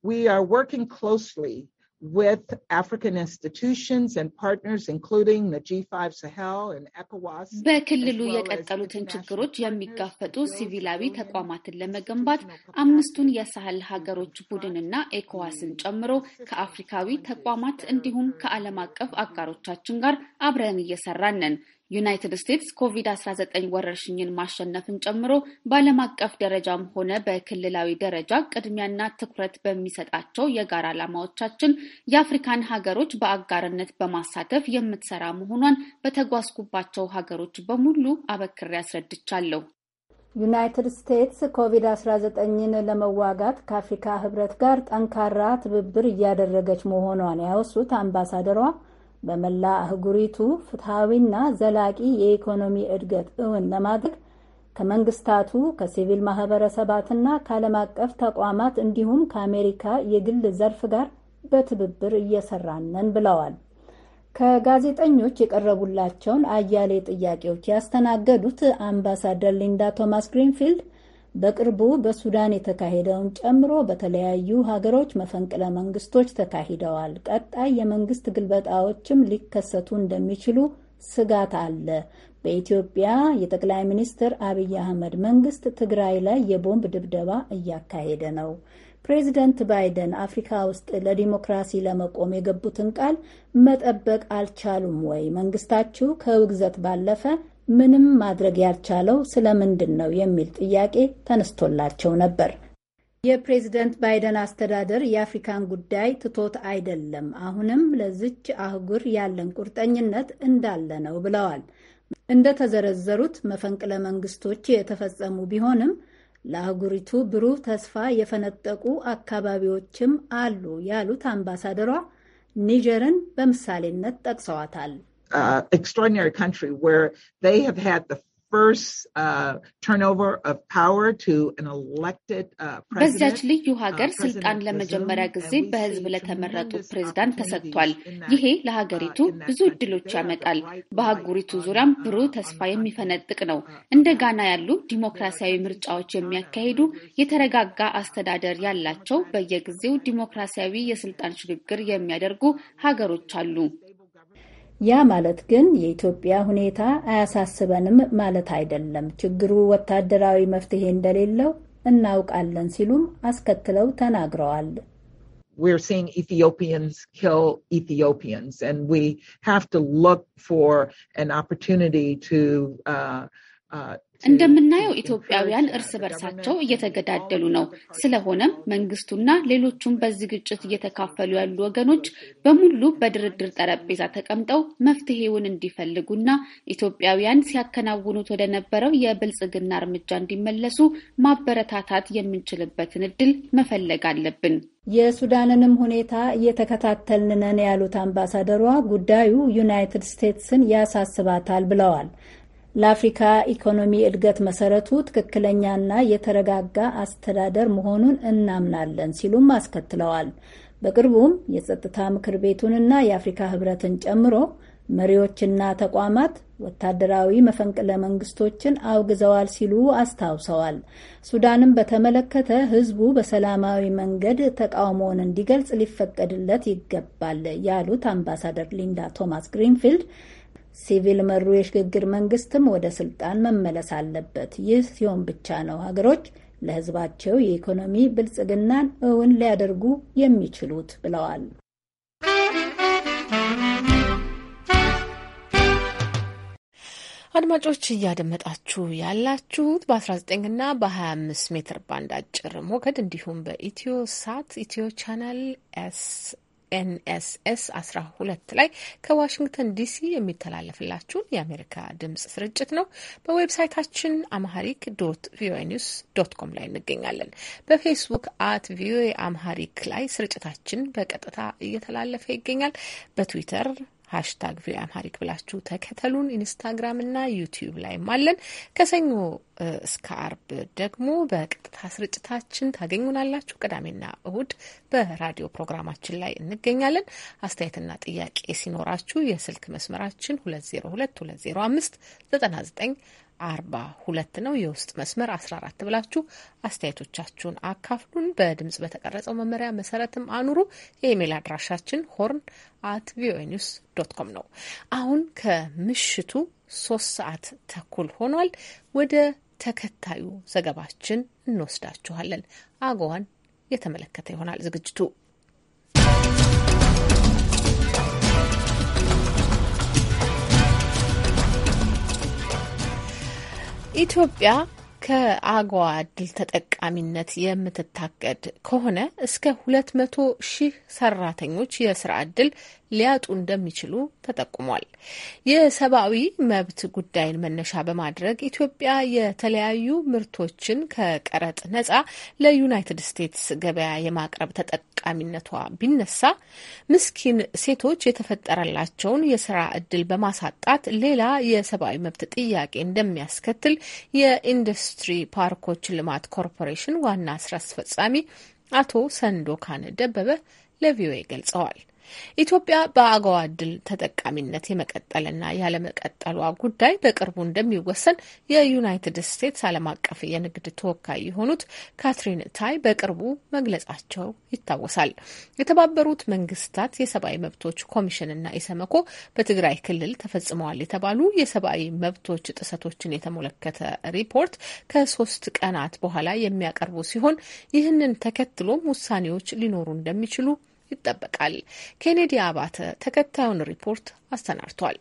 We are working closely with African institutions and partners including the G5 Sahel and ECOWAS በክልሉ የቀጠሉትን ችግሮች የሚጋፈጡ ሲቪላዊ ተቋማትን ለመገንባት አምስቱን የሳህል ሀገሮች ቡድንና ኤኮዋስን ጨምሮ ከአፍሪካዊ ተቋማት እንዲሁም ከዓለም አቀፍ አጋሮቻችን ጋር አብረን እየሰራን ነን። ዩናይትድ ስቴትስ ኮቪድ-19 ወረርሽኝን ማሸነፍን ጨምሮ በዓለም አቀፍ ደረጃም ሆነ በክልላዊ ደረጃ ቅድሚያና ትኩረት በሚሰጣቸው የጋራ ዓላማዎቻችን የአፍሪካን ሀገሮች በአጋርነት በማሳተፍ የምትሰራ መሆኗን በተጓዝኩባቸው ሀገሮች በሙሉ አበክሬ አስረድቻለሁ። ዩናይትድ ስቴትስ ኮቪድ-19ን ለመዋጋት ከአፍሪካ ህብረት ጋር ጠንካራ ትብብር እያደረገች መሆኗን ያወሱት አምባሳደሯ በመላ አህጉሪቱ ፍትሐዊና ዘላቂ የኢኮኖሚ እድገት እውን ለማድረግ ከመንግስታቱ ከሲቪል ማህበረሰባትና ከዓለም አቀፍ ተቋማት እንዲሁም ከአሜሪካ የግል ዘርፍ ጋር በትብብር እየሰራን ብለዋል። ከጋዜጠኞች የቀረቡላቸውን አያሌ ጥያቄዎች ያስተናገዱት አምባሳደር ሊንዳ ቶማስ ግሪንፊልድ በቅርቡ በሱዳን የተካሄደውን ጨምሮ በተለያዩ ሀገሮች መፈንቅለ መንግስቶች ተካሂደዋል። ቀጣይ የመንግስት ግልበጣዎችም ሊከሰቱ እንደሚችሉ ስጋት አለ። በኢትዮጵያ የጠቅላይ ሚኒስትር አብይ አህመድ መንግስት ትግራይ ላይ የቦምብ ድብደባ እያካሄደ ነው። ፕሬዚደንት ባይደን አፍሪካ ውስጥ ለዲሞክራሲ ለመቆም የገቡትን ቃል መጠበቅ አልቻሉም ወይ? መንግስታችሁ ከውግዘት ባለፈ ምንም ማድረግ ያልቻለው ስለምንድን ነው የሚል ጥያቄ ተነስቶላቸው ነበር። የፕሬዝደንት ባይደን አስተዳደር የአፍሪካን ጉዳይ ትቶት አይደለም፣ አሁንም ለዚች አህጉር ያለን ቁርጠኝነት እንዳለ ነው ብለዋል። እንደተዘረዘሩት መፈንቅለ መንግስቶች የተፈጸሙ ቢሆንም ለአህጉሪቱ ብሩህ ተስፋ የፈነጠቁ አካባቢዎችም አሉ ያሉት አምባሳደሯ ኒጀርን በምሳሌነት ጠቅሰዋታል። uh, extraordinary country where they have had the first uh, turnover of power to an elected uh, በዚያች ልዩ uh, ሀገር ስልጣን ለመጀመሪያ ጊዜ በሕዝብ ለተመረጡ ፕሬዝዳንት ተሰጥቷል። ይሄ ለሀገሪቱ uh, ብዙ እድሎች ያመጣል። በአህጉሪቱ ዙሪያም uh, ብሩህ ተስፋ የሚፈነጥቅ ነው። እንደ ጋና ያሉ ዲሞክራሲያዊ ምርጫዎች የሚያካሂዱ የተረጋጋ አስተዳደር ያላቸው በየጊዜው ዲሞክራሲያዊ የስልጣን ሽግግር የሚያደርጉ ሀገሮች አሉ። ያ ማለት ግን የኢትዮጵያ ሁኔታ አያሳስበንም ማለት አይደለም፣ ችግሩ ወታደራዊ መፍትሄ እንደሌለው እናውቃለን ሲሉም አስከትለው ተናግረዋል። እንደምናየው ኢትዮጵያውያን እርስ በርሳቸው እየተገዳደሉ ነው። ስለሆነም መንግስቱና ሌሎቹም በዚህ ግጭት እየተካፈሉ ያሉ ወገኖች በሙሉ በድርድር ጠረጴዛ ተቀምጠው መፍትሄውን እንዲፈልጉና ኢትዮጵያውያን ሲያከናውኑት ወደነበረው የብልጽግና እርምጃ እንዲመለሱ ማበረታታት የምንችልበትን እድል መፈለግ አለብን። የሱዳንንም ሁኔታ እየተከታተልን ነን ያሉት አምባሳደሯ ጉዳዩ ዩናይትድ ስቴትስን ያሳስባታል ብለዋል። ለአፍሪካ ኢኮኖሚ እድገት መሰረቱ ትክክለኛና የተረጋጋ አስተዳደር መሆኑን እናምናለን ሲሉም አስከትለዋል። በቅርቡም የጸጥታ ምክር ቤቱንና የአፍሪካ ህብረትን ጨምሮ መሪዎችና ተቋማት ወታደራዊ መፈንቅለ መንግስቶችን አውግዘዋል ሲሉ አስታውሰዋል። ሱዳንም በተመለከተ ህዝቡ በሰላማዊ መንገድ ተቃውሞውን እንዲገልጽ ሊፈቀድለት ይገባል ያሉት አምባሳደር ሊንዳ ቶማስ ግሪንፊልድ ሲቪል መሩ የሽግግር መንግስትም ወደ ስልጣን መመለስ አለበት። ይህ ሲሆን ብቻ ነው ሀገሮች ለህዝባቸው የኢኮኖሚ ብልጽግናን እውን ሊያደርጉ የሚችሉት ብለዋል። አድማጮች እያደመጣችሁ ያላችሁት በ19 እና በ25 ሜትር ባንድ አጭር ሞገድ እንዲሁም በኢትዮ ሳት ኢትዮ ቻናል ኤስ ኤንኤስኤስ 12 ላይ ከዋሽንግተን ዲሲ የሚተላለፍላችሁን የአሜሪካ ድምጽ ስርጭት ነው። በዌብሳይታችን አምሃሪክ ዶት ቪኦኤ ኒውስ ዶት ኮም ላይ እንገኛለን። በፌስቡክ አት ቪኦኤ አምሃሪክ ላይ ስርጭታችን በቀጥታ እየተላለፈ ይገኛል። በትዊተር ሃሽታግ ቪ አምሃሪክ ብላችሁ ተከተሉን። ኢንስታግራም እና ዩቲዩብ ላይም አለን። ከሰኞ እስከ አርብ ደግሞ በቀጥታ ስርጭታችን ታገኙናላችሁ። ቅዳሜና እሁድ በራዲዮ ፕሮግራማችን ላይ እንገኛለን። አስተያየትና ጥያቄ ሲኖራችሁ የስልክ መስመራችን ዘጠና ዘጠኝ አርባ ሁለት ነው የውስጥ መስመር አስራ አራት ብላችሁ አስተያየቶቻችሁን አካፍሉን። በድምጽ በተቀረጸው መመሪያ መሰረትም አኑሩ። የኢሜይል አድራሻችን ሆርን አት ቪኦኤ ኒውስ ዶት ኮም ነው። አሁን ከምሽቱ ሶስት ሰዓት ተኩል ሆኗል። ወደ ተከታዩ ዘገባችን እንወስዳችኋለን። አገዋን የተመለከተ ይሆናል ዝግጅቱ። ኢትዮጵያ ከአጓ እድል ተጠቃሚነት የምትታቀድ ከሆነ እስከ ሁለት መቶ ሺህ ሰራተኞች የስራ እድል ሊያጡ እንደሚችሉ ተጠቁሟል። የሰብአዊ መብት ጉዳይን መነሻ በማድረግ ኢትዮጵያ የተለያዩ ምርቶችን ከቀረጥ ነጻ ለዩናይትድ ስቴትስ ገበያ የማቅረብ ተጠቃሚነቷ ቢነሳ ምስኪን ሴቶች የተፈጠረላቸውን የስራ እድል በማሳጣት ሌላ የሰብአዊ መብት ጥያቄ እንደሚያስከትል የኢንዱስትሪ ፓርኮች ልማት ኮርፖሬሽን ዋና ስራ አስፈጻሚ አቶ ሰንዶካን ደበበ ለቪኦኤ ገልጸዋል። ኢትዮጵያ በአገዋ ድል ተጠቃሚነት የመቀጠልና ያለመቀጠሏ ጉዳይ በቅርቡ እንደሚወሰን የዩናይትድ ስቴትስ ዓለም አቀፍ የንግድ ተወካይ የሆኑት ካትሪን ታይ በቅርቡ መግለጻቸው ይታወሳል። የተባበሩት መንግስታት የሰብአዊ መብቶች ኮሚሽንና ኢሰመኮ በትግራይ ክልል ተፈጽመዋል የተባሉ የሰብአዊ መብቶች ጥሰቶችን የተመለከተ ሪፖርት ከሶስት ቀናት በኋላ የሚያቀርቡ ሲሆን ይህንን ተከትሎም ውሳኔዎች ሊኖሩ እንደሚችሉ ይጠበቃል። ኬኔዲ አባተ ተከታዩን ሪፖርት አሰናድቷል።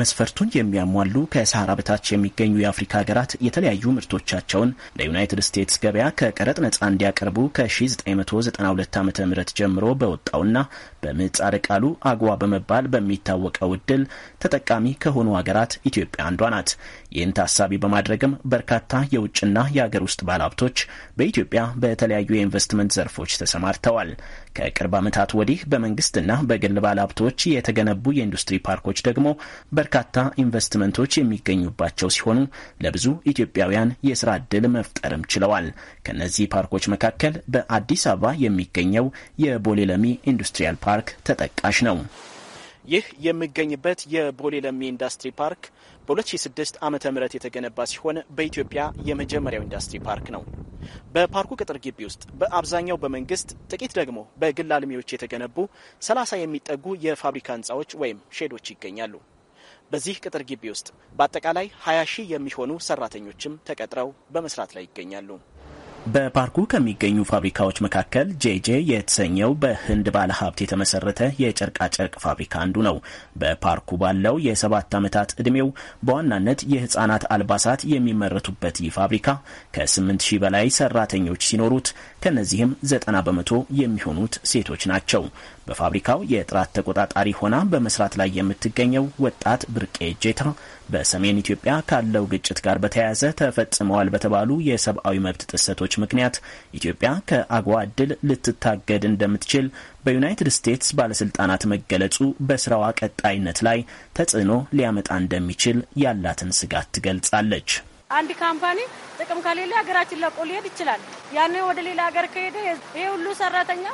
መስፈርቱን የሚያሟሉ ከሰሃራ በታች የሚገኙ የአፍሪካ ሀገራት የተለያዩ ምርቶቻቸውን ለዩናይትድ ስቴትስ ገበያ ከቀረጥ ነጻ እንዲያቀርቡ ከ1992 ዓ ም ጀምሮ በወጣውና በምህጻረ ቃሉ አግዋ በመባል በሚታወቀው እድል ተጠቃሚ ከሆኑ ሀገራት ኢትዮጵያ አንዷ ናት። ይህን ታሳቢ በማድረግም በርካታ የውጭና የአገር ውስጥ ባለሀብቶች በኢትዮጵያ በተለያዩ የኢንቨስትመንት ዘርፎች ተሰማርተዋል። ከቅርብ ዓመታት ወዲህ በመንግስትና በግል ባለሀብቶች የተገነቡ የኢንዱስትሪ ፓርኮች ደግሞ በርካታ ኢንቨስትመንቶች የሚገኙባቸው ሲሆኑ ለብዙ ኢትዮጵያውያን የስራ ዕድል መፍጠርም ችለዋል። ከነዚህ ፓርኮች መካከል በአዲስ አበባ የሚገኘው የቦሌለሚ ኢንዱስትሪያል ፓርክ ተጠቃሽ ነው። ይህ የሚገኝበት የቦሌለሚ ኢንዱስትሪ ፓርክ በ2006 ዓ ም የተገነባ ሲሆን በኢትዮጵያ የመጀመሪያው ኢንዱስትሪ ፓርክ ነው። በፓርኩ ቅጥር ግቢ ውስጥ በአብዛኛው በመንግስት ጥቂት ደግሞ በግል አልሚዎች የተገነቡ 30 የሚጠጉ የፋብሪካ ህንፃዎች ወይም ሼዶች ይገኛሉ። በዚህ ቅጥር ግቢ ውስጥ በአጠቃላይ 20 ሺህ የሚሆኑ ሰራተኞችም ተቀጥረው በመስራት ላይ ይገኛሉ። በፓርኩ ከሚገኙ ፋብሪካዎች መካከል ጄጄ የተሰኘው በህንድ ባለሀብት የተመሰረተ የጨርቃጨርቅ ፋብሪካ አንዱ ነው። በፓርኩ ባለው የሰባት ዓመታት ዕድሜው በዋናነት የህፃናት አልባሳት የሚመረቱበት ይህ ፋብሪካ ከ8 ሺህ በላይ ሰራተኞች ሲኖሩት ከእነዚህም ዘጠና በመቶ የሚሆኑት ሴቶች ናቸው። በፋብሪካው የጥራት ተቆጣጣሪ ሆና በመስራት ላይ የምትገኘው ወጣት ብርቄ እጄታ በሰሜን ኢትዮጵያ ካለው ግጭት ጋር በተያያዘ ተፈጽመዋል በተባሉ የሰብአዊ መብት ጥሰቶች ምክንያት ኢትዮጵያ ከአግዋ እድል ልትታገድ እንደምትችል በዩናይትድ ስቴትስ ባለስልጣናት መገለጹ በስራዋ ቀጣይነት ላይ ተጽዕኖ ሊያመጣ እንደሚችል ያላትን ስጋት ትገልጻለች። አንድ ካምፓኒ ጥቅም ከሌለ ሀገራችን ለቆ ሊሄድ ይችላል። ያን ወደ ሌላ ሀገር ከሄደ ይሄ ሁሉ ሰራተኛ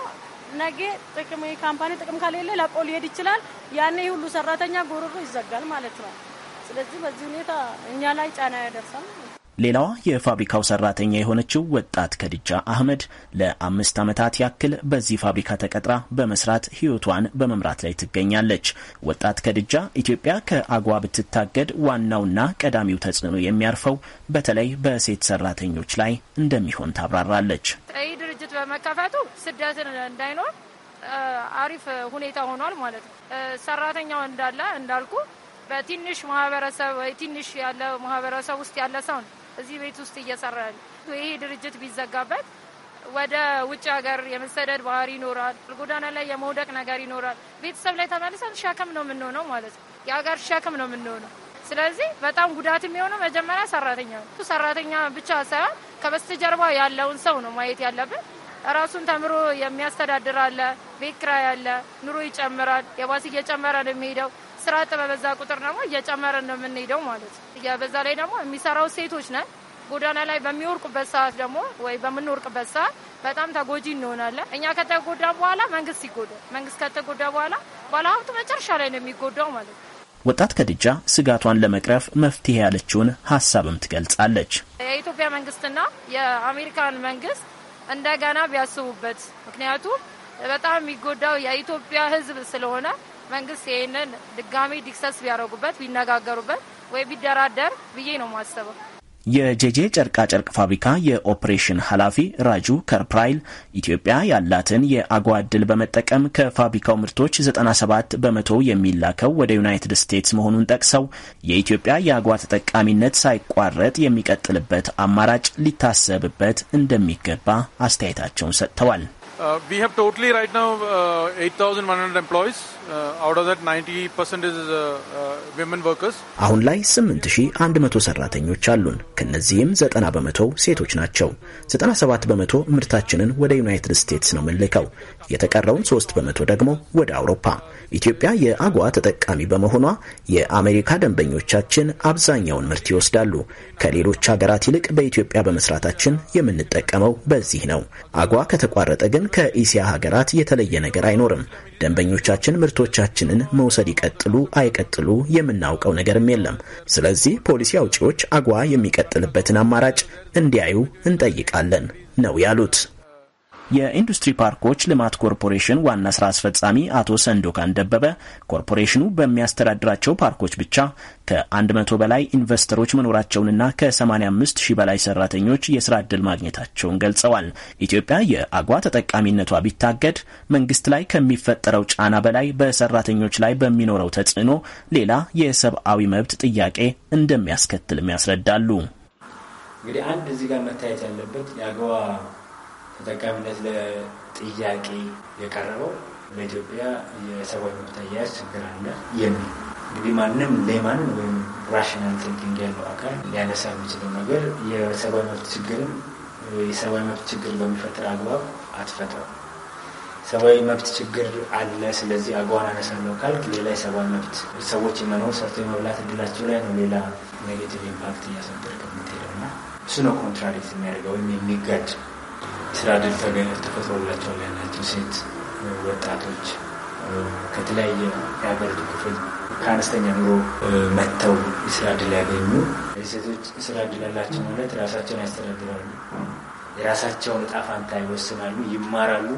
ነገ ጥቅም ካምፓኒ ጥቅም ከሌለ ለቆ ሊሄድ ይችላል። ያኔ ሁሉ ሰራተኛ ጎሮሮ ይዘጋል ማለት ነው። ስለዚህ በዚህ ሁኔታ እኛ ላይ ጫና ያደርሳል። ሌላዋ የፋብሪካው ሰራተኛ የሆነችው ወጣት ከድጃ አህመድ ለአምስት ዓመታት ያክል በዚህ ፋብሪካ ተቀጥራ በመስራት ሕይወቷን በመምራት ላይ ትገኛለች። ወጣት ከድጃ ኢትዮጵያ ከአግዋ ብትታገድ ዋናውና ቀዳሚው ተጽዕኖ የሚያርፈው በተለይ በሴት ሰራተኞች ላይ እንደሚሆን ታብራራለች። በመከፈቱ ስደትን እንዳይኖር አሪፍ ሁኔታ ሆኗል ማለት ነው። ሰራተኛው እንዳለ እንዳልኩ በትንሽ ማህበረሰብ ወይ ትንሽ ያለ ማህበረሰብ ውስጥ ያለ ሰው ነው እዚህ ቤት ውስጥ እየሰራ ያለ። ይሄ ድርጅት ቢዘጋበት ወደ ውጭ ሀገር የመሰደድ ባህሪ ይኖራል። ጎዳና ላይ የመውደቅ ነገር ይኖራል። ቤተሰብ ላይ ተመልሰን ሸክም ነው የምንሆነው ማለት ነው። የሀገር ሸክም ነው የምንሆነው። ስለዚህ በጣም ጉዳት የሚሆነው መጀመሪያ ሰራተኛ ነው። ሰራተኛ ብቻ ሳይሆን ከበስተጀርባ ያለውን ሰው ነው ማየት ያለብን። ራሱን ተምሮ የሚያስተዳድር አለ። ቤት ኪራይ አለ። ኑሮ ይጨምራል። የባስ እየጨመረ ነው የሚሄደው። ስራ አጥ በበዛ ቁጥር ደግሞ እየጨመረ ነው የምንሄደው ማለት ነው። በዛ ላይ ደግሞ የሚሰራው ሴቶች ነን። ጎዳና ላይ በሚወርቁበት ሰዓት ደግሞ ወይ በምንወርቅበት ሰዓት በጣም ተጎጂ እንሆናለን። እኛ ከተጎዳ በኋላ መንግስት ይጎዳ። መንግስት ከተጎዳ በኋላ ባለሀብቱ መጨረሻ ላይ ነው የሚጎዳው ማለት ነው። ወጣት ከድጃ ስጋቷን ለመቅረፍ መፍትሄ ያለችውን ሀሳብም ትገልጻለች። የኢትዮጵያ መንግስትና የአሜሪካን መንግስት እንደገና ቢያስቡበት። ምክንያቱም በጣም የሚጎዳው የኢትዮጵያ ሕዝብ ስለሆነ መንግስት ይህንን ድጋሚ ዲክሰስ ቢያደርጉበት፣ ቢነጋገሩበት ወይ ቢደራደር ብዬ ነው የማስበው። የጄጄ ጨርቃጨርቅ ፋብሪካ የኦፕሬሽን ኃላፊ ራጁ ከርፕራይል ኢትዮጵያ ያላትን የአጓ እድል በመጠቀም ከፋብሪካው ምርቶች 97 በመቶ የሚላከው ወደ ዩናይትድ ስቴትስ መሆኑን ጠቅሰው የኢትዮጵያ የአጓ ተጠቃሚነት ሳይቋረጥ የሚቀጥልበት አማራጭ ሊታሰብበት እንደሚገባ አስተያየታቸውን ሰጥተዋል። uh, uh, Uh, uh, uh, አሁን ላይ 8100 ሰራተኞች አሉን። ከነዚህም 90 በመቶ ሴቶች ናቸው። 97 በመቶ ምርታችንን ወደ ዩናይትድ ስቴትስ ነው የምንልከው። የተቀረውን 3 በመቶ ደግሞ ወደ አውሮፓ። ኢትዮጵያ የአጓ ተጠቃሚ በመሆኗ የአሜሪካ ደንበኞቻችን አብዛኛውን ምርት ይወስዳሉ። ከሌሎች ሀገራት ይልቅ በኢትዮጵያ በመስራታችን የምንጠቀመው በዚህ ነው። አጓ ከተቋረጠ ግን ከኢሲያ ሀገራት የተለየ ነገር አይኖርም። ደንበኞቻችን ምርቱ ትምህርቶቻችንን መውሰድ ይቀጥሉ አይቀጥሉ የምናውቀው ነገርም የለም። ስለዚህ ፖሊሲ አውጪዎች አጓ የሚቀጥልበትን አማራጭ እንዲያዩ እንጠይቃለን ነው ያሉት። የኢንዱስትሪ ፓርኮች ልማት ኮርፖሬሽን ዋና ስራ አስፈጻሚ አቶ ሰንዶካን ደበበ ኮርፖሬሽኑ በሚያስተዳድራቸው ፓርኮች ብቻ ከ100 በላይ ኢንቨስተሮች መኖራቸውንና ከ85 ሺህ በላይ ሰራተኞች የስራ ዕድል ማግኘታቸውን ገልጸዋል። ኢትዮጵያ የአጓ ተጠቃሚነቷ ቢታገድ መንግስት ላይ ከሚፈጠረው ጫና በላይ በሰራተኞች ላይ በሚኖረው ተጽዕኖ ሌላ የሰብአዊ መብት ጥያቄ እንደሚያስከትልም ያስረዳሉ። እንግዲህ አንድ እዚህ ጋር መታየት ያለበት የአገዋ ተጠቃሚነት ለጥያቄ የቀረበው በኢትዮጵያ የሰብአዊ መብት አያያዝ ችግር አለ የሚል እንግዲህ ማንም ሌማን ወይም ራሽናል ቲንኪንግ ያለው አካል ሊያነሳ የሚችለው ነገር የሰብአዊ መብት ችግርን የሰብአዊ መብት ችግር በሚፈጥር አግባብ አትፈጥረው። ሰብአዊ መብት ችግር አለ፣ ስለዚህ አግባን አነሳለው ካልክ ሌላ የሰብአዊ መብት ሰዎች የመኖር ሰርቶ የመብላት እድላቸው ላይ ነው ሌላ ኔጌቲቭ ኢምፓክት እያሳደርክ የምትሄደው እና እሱ ነው ኮንትራዲክት የሚያደርገው ወይም የሚጋጭ ስራ ድል ተፈጥሮላቸው ያላቸው ሴት ወጣቶች ከተለያየ የሀገሪቱ ክፍል ከአነስተኛ ኑሮ መጥተው ስራ ድል ያገኙ ሴቶች ስራ ድል ያላቸው ማለት ራሳቸውን ያስተዳድራሉ፣ የራሳቸውን ዕጣ ፈንታ ይወስናሉ፣ ይማራሉ፣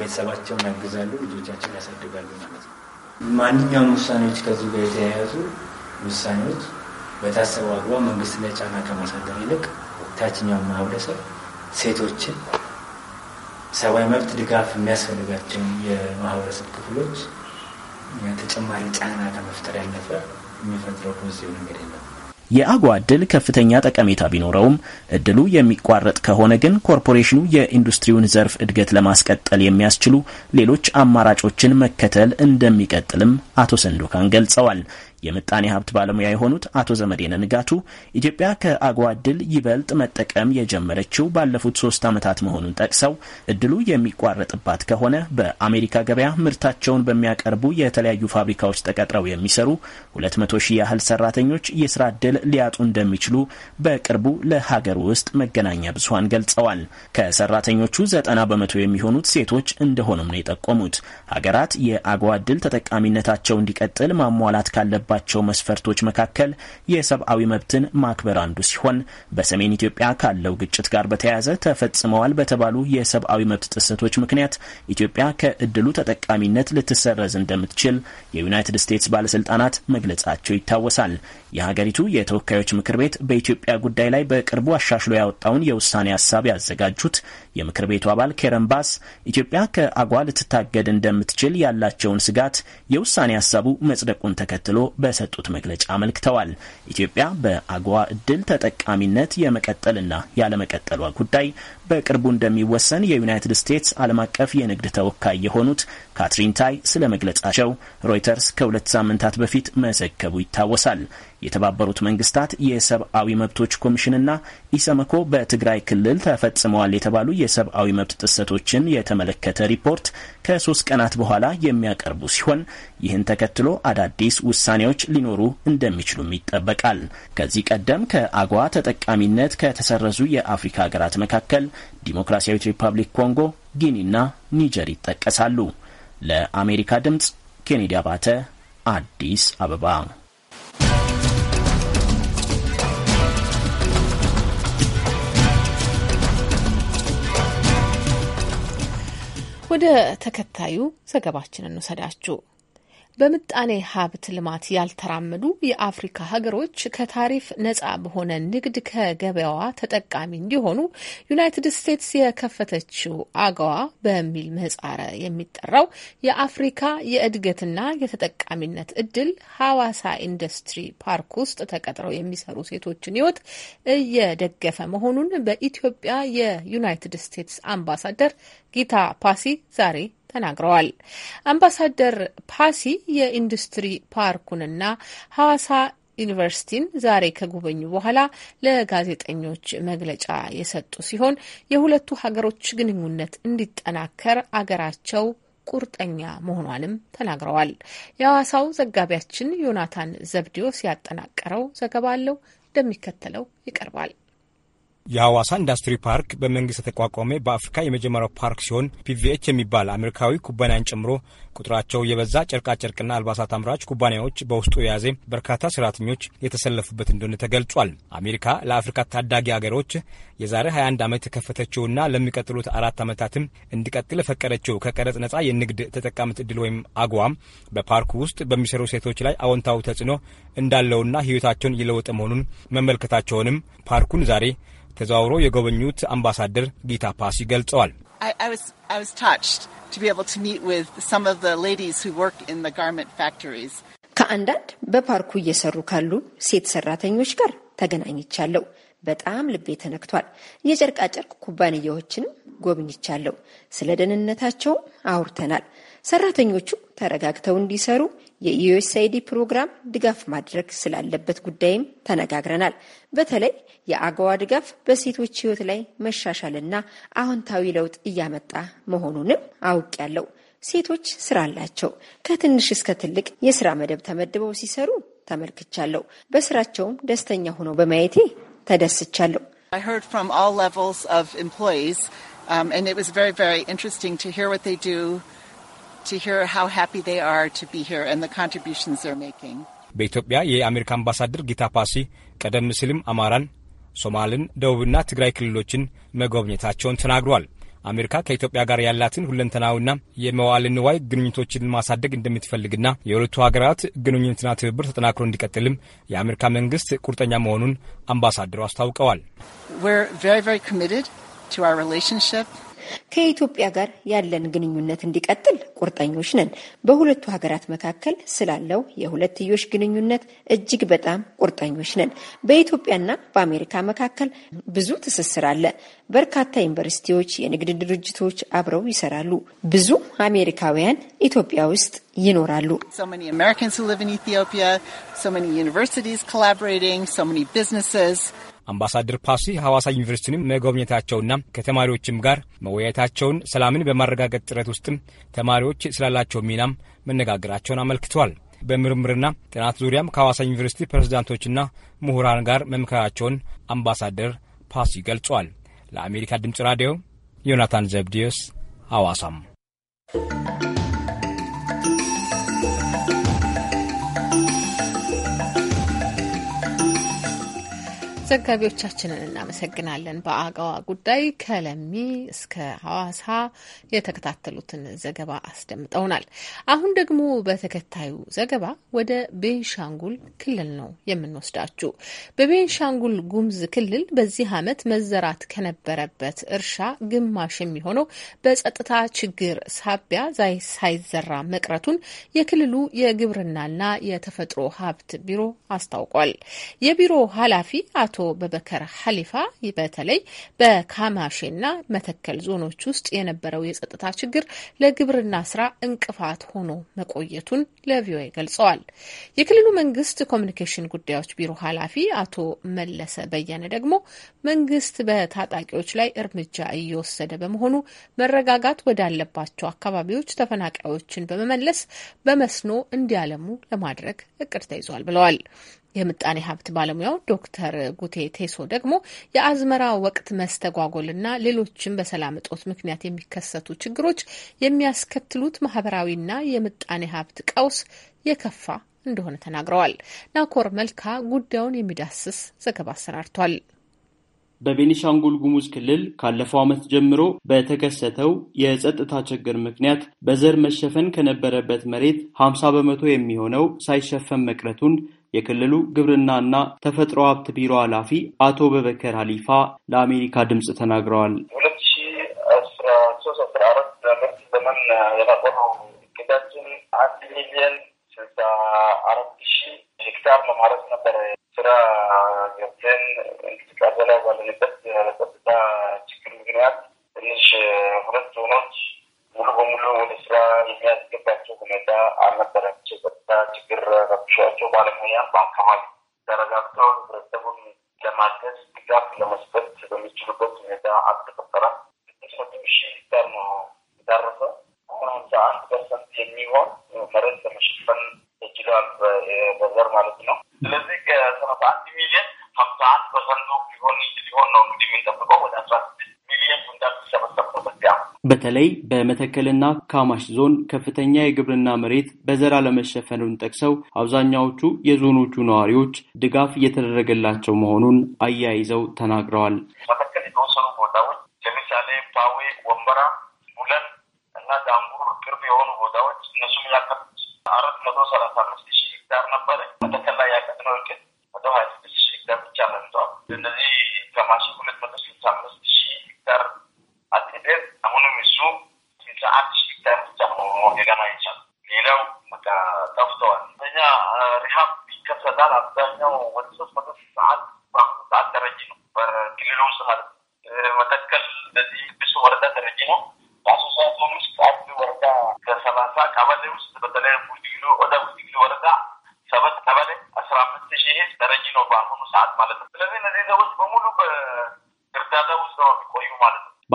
ቤተሰባቸውን ያግዛሉ፣ ልጆቻቸውን ያሳድጋሉ ማለት ነው። ማንኛውም ውሳኔዎች ከዚህ ጋር የተያያዙ ውሳኔዎች በታሰበው አግባብ መንግስት ላይ ጫና ከማሳደር ይልቅ ታችኛው ማህበረሰብ ሴቶችን ሰብአዊ መብት ድጋፍ የሚያስፈልጋቸው የማህበረሰብ ክፍሎች ተጨማሪ ጫና ከመፍጠር ያለፈ የሚፈጥረው ፖዚቲቭ ነገር የለም። የአጓ እድል ከፍተኛ ጠቀሜታ ቢኖረውም እድሉ የሚቋረጥ ከሆነ ግን ኮርፖሬሽኑ የኢንዱስትሪውን ዘርፍ እድገት ለማስቀጠል የሚያስችሉ ሌሎች አማራጮችን መከተል እንደሚቀጥልም አቶ ሰንዶካን ገልጸዋል። የምጣኔ ሀብት ባለሙያ የሆኑት አቶ ዘመዴነ ንጋቱ ኢትዮጵያ ከአጎዋ እድል ይበልጥ መጠቀም የጀመረችው ባለፉት ሶስት ዓመታት መሆኑን ጠቅሰው እድሉ የሚቋረጥባት ከሆነ በአሜሪካ ገበያ ምርታቸውን በሚያቀርቡ የተለያዩ ፋብሪካዎች ተቀጥረው የሚሰሩ 200 ሺህ ያህል ሰራተኞች የስራ እድል ሊያጡ እንደሚችሉ በቅርቡ ለሀገር ውስጥ መገናኛ ብዙሀን ገልጸዋል። ከሰራተኞቹ ዘጠና በመቶ የሚሆኑት ሴቶች እንደሆኑም ነው የጠቆሙት። ሀገራት የአጎዋ እድል ተጠቃሚነታቸው እንዲቀጥል ማሟላት ካለ። ከሚደረግባቸው መስፈርቶች መካከል የሰብአዊ መብትን ማክበር አንዱ ሲሆን በሰሜን ኢትዮጵያ ካለው ግጭት ጋር በተያያዘ ተፈጽመዋል በተባሉ የሰብአዊ መብት ጥሰቶች ምክንያት ኢትዮጵያ ከእድሉ ተጠቃሚነት ልትሰረዝ እንደምትችል የዩናይትድ ስቴትስ ባለስልጣናት መግለጻቸው ይታወሳል። የሀገሪቱ የተወካዮች ምክር ቤት በኢትዮጵያ ጉዳይ ላይ በቅርቡ አሻሽሎ ያወጣውን የውሳኔ ሀሳብ ያዘጋጁት የምክር ቤቱ አባል ኬረን ባስ ኢትዮጵያ ከአጓ ልትታገድ እንደምትችል ያላቸውን ስጋት የውሳኔ ሀሳቡ መጽደቁን ተከትሎ በሰጡት መግለጫ አመልክተዋል። ኢትዮጵያ በአጓ እድል ተጠቃሚነት የመቀጠልና ያለመቀጠሏ ጉዳይ በቅርቡ እንደሚወሰን የዩናይትድ ስቴትስ ዓለም አቀፍ የንግድ ተወካይ የሆኑት ካትሪን ታይ ስለ መግለጻቸው ሮይተርስ ከሁለት ሳምንታት በፊት መዘገቡ ይታወሳል። የተባበሩት መንግስታት የሰብአዊ መብቶች ኮሚሽንና ኢሰመኮ በትግራይ ክልል ተፈጽመዋል የተባሉ የሰብአዊ መብት ጥሰቶችን የተመለከተ ሪፖርት ከሶስት ቀናት በኋላ የሚያቀርቡ ሲሆን ይህን ተከትሎ አዳዲስ ውሳኔዎች ሊኖሩ እንደሚችሉም ይጠበቃል። ከዚህ ቀደም ከአጓ ተጠቃሚነት ከተሰረዙ የአፍሪካ ሀገራት መካከል ዲሞክራሲያዊት ሪፐብሊክ ኮንጎ፣ ጊኒና ኒጀር ይጠቀሳሉ። ለአሜሪካ ድምጽ ኬኔዲ አባተ አዲስ አበባ ወደ ተከታዩ ዘገባችን እንውሰዳችሁ። በምጣኔ ሀብት ልማት ያልተራመዱ የአፍሪካ ሀገሮች ከታሪፍ ነጻ በሆነ ንግድ ከገበያዋ ተጠቃሚ እንዲሆኑ ዩናይትድ ስቴትስ የከፈተችው አገዋ በሚል ምህጻረ የሚጠራው የአፍሪካ የእድገትና የተጠቃሚነት እድል ሀዋሳ ኢንዱስትሪ ፓርክ ውስጥ ተቀጥረው የሚሰሩ ሴቶችን ህይወት እየደገፈ መሆኑን በኢትዮጵያ የዩናይትድ ስቴትስ አምባሳደር ጊታ ፓሲ ዛሬ ተናግረዋል። አምባሳደር ፓሲ የኢንዱስትሪ ፓርኩንና ሐዋሳ ዩኒቨርሲቲን ዛሬ ከጎበኙ በኋላ ለጋዜጠኞች መግለጫ የሰጡ ሲሆን የሁለቱ ሀገሮች ግንኙነት እንዲጠናከር አገራቸው ቁርጠኛ መሆኗንም ተናግረዋል። የሐዋሳው ዘጋቢያችን ዮናታን ዘብዲዮስ ያጠናቀረው ዘገባ አለው፣ እንደሚከተለው ይቀርባል። የአዋሳ ኢንዱስትሪ ፓርክ በመንግስት የተቋቋመ በአፍሪካ የመጀመሪያው ፓርክ ሲሆን ፒቪኤች የሚባል አሜሪካዊ ኩባንያን ጨምሮ ቁጥራቸው የበዛ ጨርቃጨርቅና አልባሳት አምራች ኩባንያዎች በውስጡ የያዘ በርካታ ሰራተኞች የተሰለፉበት እንደሆነ ተገልጿል። አሜሪካ ለአፍሪካ ታዳጊ ሀገሮች የዛሬ 21 ዓመት የከፈተችውና ለሚቀጥሉት አራት ዓመታትም እንዲቀጥል የፈቀደችው ከቀረጽ ነጻ የንግድ ተጠቃሚት እድል ወይም አግዋም በፓርኩ ውስጥ በሚሰሩ ሴቶች ላይ አዎንታዊ ተጽዕኖ እንዳለውና ህይወታቸውን የለወጠ መሆኑን መመልከታቸውንም ፓርኩን ዛሬ ተዘዋውሮ የጎበኙት አምባሳደር ጊታ ፓሲ ገልጸዋል። ከአንዳንድ በፓርኩ እየሰሩ ካሉ ሴት ሰራተኞች ጋር ተገናኝቻለሁ። በጣም ልቤ ተነክቷል። የጨርቃጨርቅ ኩባንያዎችንም ጎብኝቻለሁ። ስለ ደህንነታቸውም አውርተናል። ሰራተኞቹ ተረጋግተው እንዲሰሩ የዩኤስአይዲ ፕሮግራም ድጋፍ ማድረግ ስላለበት ጉዳይም ተነጋግረናል። በተለይ የአገዋ ድጋፍ በሴቶች ሕይወት ላይ መሻሻልና አዎንታዊ ለውጥ እያመጣ መሆኑንም አውቄያለሁ። ሴቶች ስራ አላቸው። ከትንሽ እስከ ትልቅ የስራ መደብ ተመድበው ሲሰሩ ተመልክቻለሁ። በስራቸውም ደስተኛ ሆነው በማየቴ ተደስቻለሁ። I to hear how happy they are to be here and the contributions they're making. በኢትዮጵያ የአሜሪካ አምባሳደር ጊታ ፓሲ ቀደም ሲልም አማራን፣ ሶማልን፣ ደቡብና ትግራይ ክልሎችን መጎብኘታቸውን ተናግሯል። አሜሪካ ከኢትዮጵያ ጋር ያላትን ሁለንተናዊና የመዋዕለ ንዋይ ግንኙነቶችን ማሳደግ እንደምትፈልግና የሁለቱ ሀገራት ግንኙነትና ትብብር ተጠናክሮ እንዲቀጥልም የአሜሪካ መንግስት ቁርጠኛ መሆኑን አምባሳደሩ አስታውቀዋል። ከኢትዮጵያ ጋር ያለን ግንኙነት እንዲቀጥል ቁርጠኞች ነን። በሁለቱ ሀገራት መካከል ስላለው የሁለትዮሽ ግንኙነት እጅግ በጣም ቁርጠኞች ነን። በኢትዮጵያና በአሜሪካ መካከል ብዙ ትስስር አለ። በርካታ ዩኒቨርሲቲዎች፣ የንግድ ድርጅቶች አብረው ይሰራሉ። ብዙ አሜሪካውያን ኢትዮጵያ ውስጥ ይኖራሉ። ኢትዮጵያ አምባሳደር ፓሲ ሐዋሳ ዩኒቨርሲቲንም መጎብኘታቸውና ከተማሪዎችም ጋር መወያየታቸውን፣ ሰላምን በማረጋገጥ ጥረት ውስጥም ተማሪዎች ስላላቸው ሚናም መነጋገራቸውን አመልክተዋል። በምርምርና ጥናት ዙሪያም ከሐዋሳ ዩኒቨርሲቲ ፕሬዝዳንቶችና ምሁራን ጋር መምከራቸውን አምባሳደር ፓሲ ገልጿል። ለአሜሪካ ድምፅ ራዲዮ ዮናታን ዘብዲዮስ ሐዋሳም ዘጋቢዎቻችንን እናመሰግናለን። በአገዋ ጉዳይ ከለሚ እስከ ሐዋሳ የተከታተሉትን ዘገባ አስደምጠውናል። አሁን ደግሞ በተከታዩ ዘገባ ወደ ቤንሻንጉል ክልል ነው የምንወስዳችሁ። በቤንሻንጉል ጉሙዝ ክልል በዚህ ዓመት መዘራት ከነበረበት እርሻ ግማሽ የሚሆነው በጸጥታ ችግር ሳቢያ ሳይዘራ መቅረቱን የክልሉ የግብርናና የተፈጥሮ ሀብት ቢሮ አስታውቋል። የቢሮ ኃላፊ አቶ በበከር ሀሊፋ በተለይ በካማሼና መተከል ዞኖች ውስጥ የነበረው የጸጥታ ችግር ለግብርና ስራ እንቅፋት ሆኖ መቆየቱን ለቪኦኤ ገልጸዋል። የክልሉ መንግስት ኮሚኒኬሽን ጉዳዮች ቢሮ ኃላፊ አቶ መለሰ በየነ ደግሞ መንግስት በታጣቂዎች ላይ እርምጃ እየወሰደ በመሆኑ መረጋጋት ወዳለባቸው አካባቢዎች ተፈናቃዮችን በመመለስ በመስኖ እንዲያለሙ ለማድረግ እቅድ ተይዟል ብለዋል። የምጣኔ ሀብት ባለሙያው ዶክተር ጉቴ ቴሶ ደግሞ የአዝመራ ወቅት መስተጓጎልና ሌሎችም በሰላም እጦት ምክንያት የሚከሰቱ ችግሮች የሚያስከትሉት ማህበራዊና የምጣኔ ሀብት ቀውስ የከፋ እንደሆነ ተናግረዋል። ናኮር መልካ ጉዳዩን የሚዳስስ ዘገባ አሰናድቷል። በቤኒሻንጉል ጉሙዝ ክልል ካለፈው ዓመት ጀምሮ በተከሰተው የጸጥታ ችግር ምክንያት በዘር መሸፈን ከነበረበት መሬት 50 በመቶ የሚሆነው ሳይሸፈን መቅረቱን የክልሉ ግብርናና ተፈጥሮ ሀብት ቢሮ ኃላፊ አቶ በበከር አሊፋ ለአሜሪካ ድምፅ ተናግረዋል። ሁለት ሺ አስራ ሶስት አስራ አራት ዘመን እቅዳችን አንድ ሚሊየን ስልሳ አራት ሺ ሄክታር መማረስ ነበረ ስራ ገብተን እንቅስቃሴ ላይ ባለንበት በጸጥታ ችግር ምክንያት ትንሽ ሁለት ዞኖች ሙሉ በሙሉ ወደ ስራ የሚያስገባቸው ሁኔታ አልነበራቸው። ጸጥታ ችግር ረብሻቸው ባለሙያ በአካባቢ ተረጋግተው ህብረተሰቡን ለማገዝ ድጋፍ ለመስጠት በሚችሉበት ሁኔታ አልተፈጠረም። ስድስት መቶ ሺህ ሄክታር ነው በተለይ በመተከልና ካማሽ ዞን ከፍተኛ የግብርና መሬት በዘር አለመሸፈኑን ጠቅሰው አብዛኛዎቹ የዞኖቹ ነዋሪዎች ድጋፍ እየተደረገላቸው መሆኑን አያይዘው ተናግረዋል።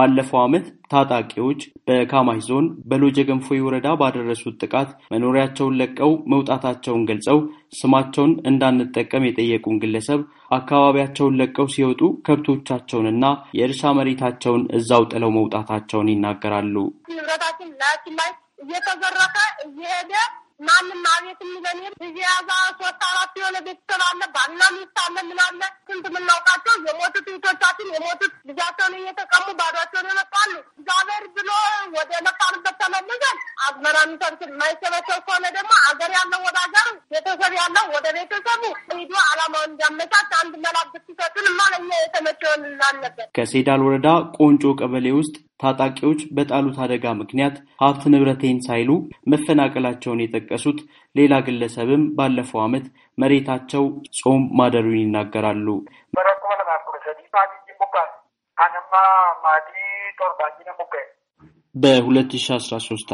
ባለፈው ዓመት ታጣቂዎች በካማሽ ዞን በሎጀ ገንፎይ ወረዳ ባደረሱት ጥቃት መኖሪያቸውን ለቀው መውጣታቸውን ገልጸው ስማቸውን እንዳንጠቀም የጠየቁን ግለሰብ አካባቢያቸውን ለቀው ሲወጡ ከብቶቻቸውንና የእርሻ መሬታቸውን እዛው ጥለው መውጣታቸውን ይናገራሉ። ንብረታችን ላይ እየተዘረፈ እየሄደ ማንም ማግኘት የሚለን ጊዜ ያዛ ሶስት አራት የሆነ ቤተሰብ አለ ባልና ሚስት አለ ምናለ ስንት የምናውቃቸው የሞቱት ቤቶቻችን የሞቱት ልጃቸውን እየተቀሙ ባዷቸውን ይመጣሉ። እግዚአብሔር ብሎ ወደ መጣንበት ተመልሰን አዝመራ የሚሰብስብ የማይሰበሰብ ከሆነ ደግሞ አገር ያለው ወደ አገሩ ቤተሰብ ያለው ወደ ቤተሰቡ ሄዶ አላማውን እንዲያመቻች አንድ መላ ብትሰጡን ማለኛ የተመቸውን ላለበት ከሴዳል ወረዳ ቆንጮ ቀበሌ ውስጥ ታጣቂዎች በጣሉት አደጋ ምክንያት ሀብት ንብረቴን ሳይሉ መፈናቀላቸውን የጠቀሱት ሌላ ግለሰብም ባለፈው ዓመት መሬታቸው ጾም ማደሩን ይናገራሉ። በ2013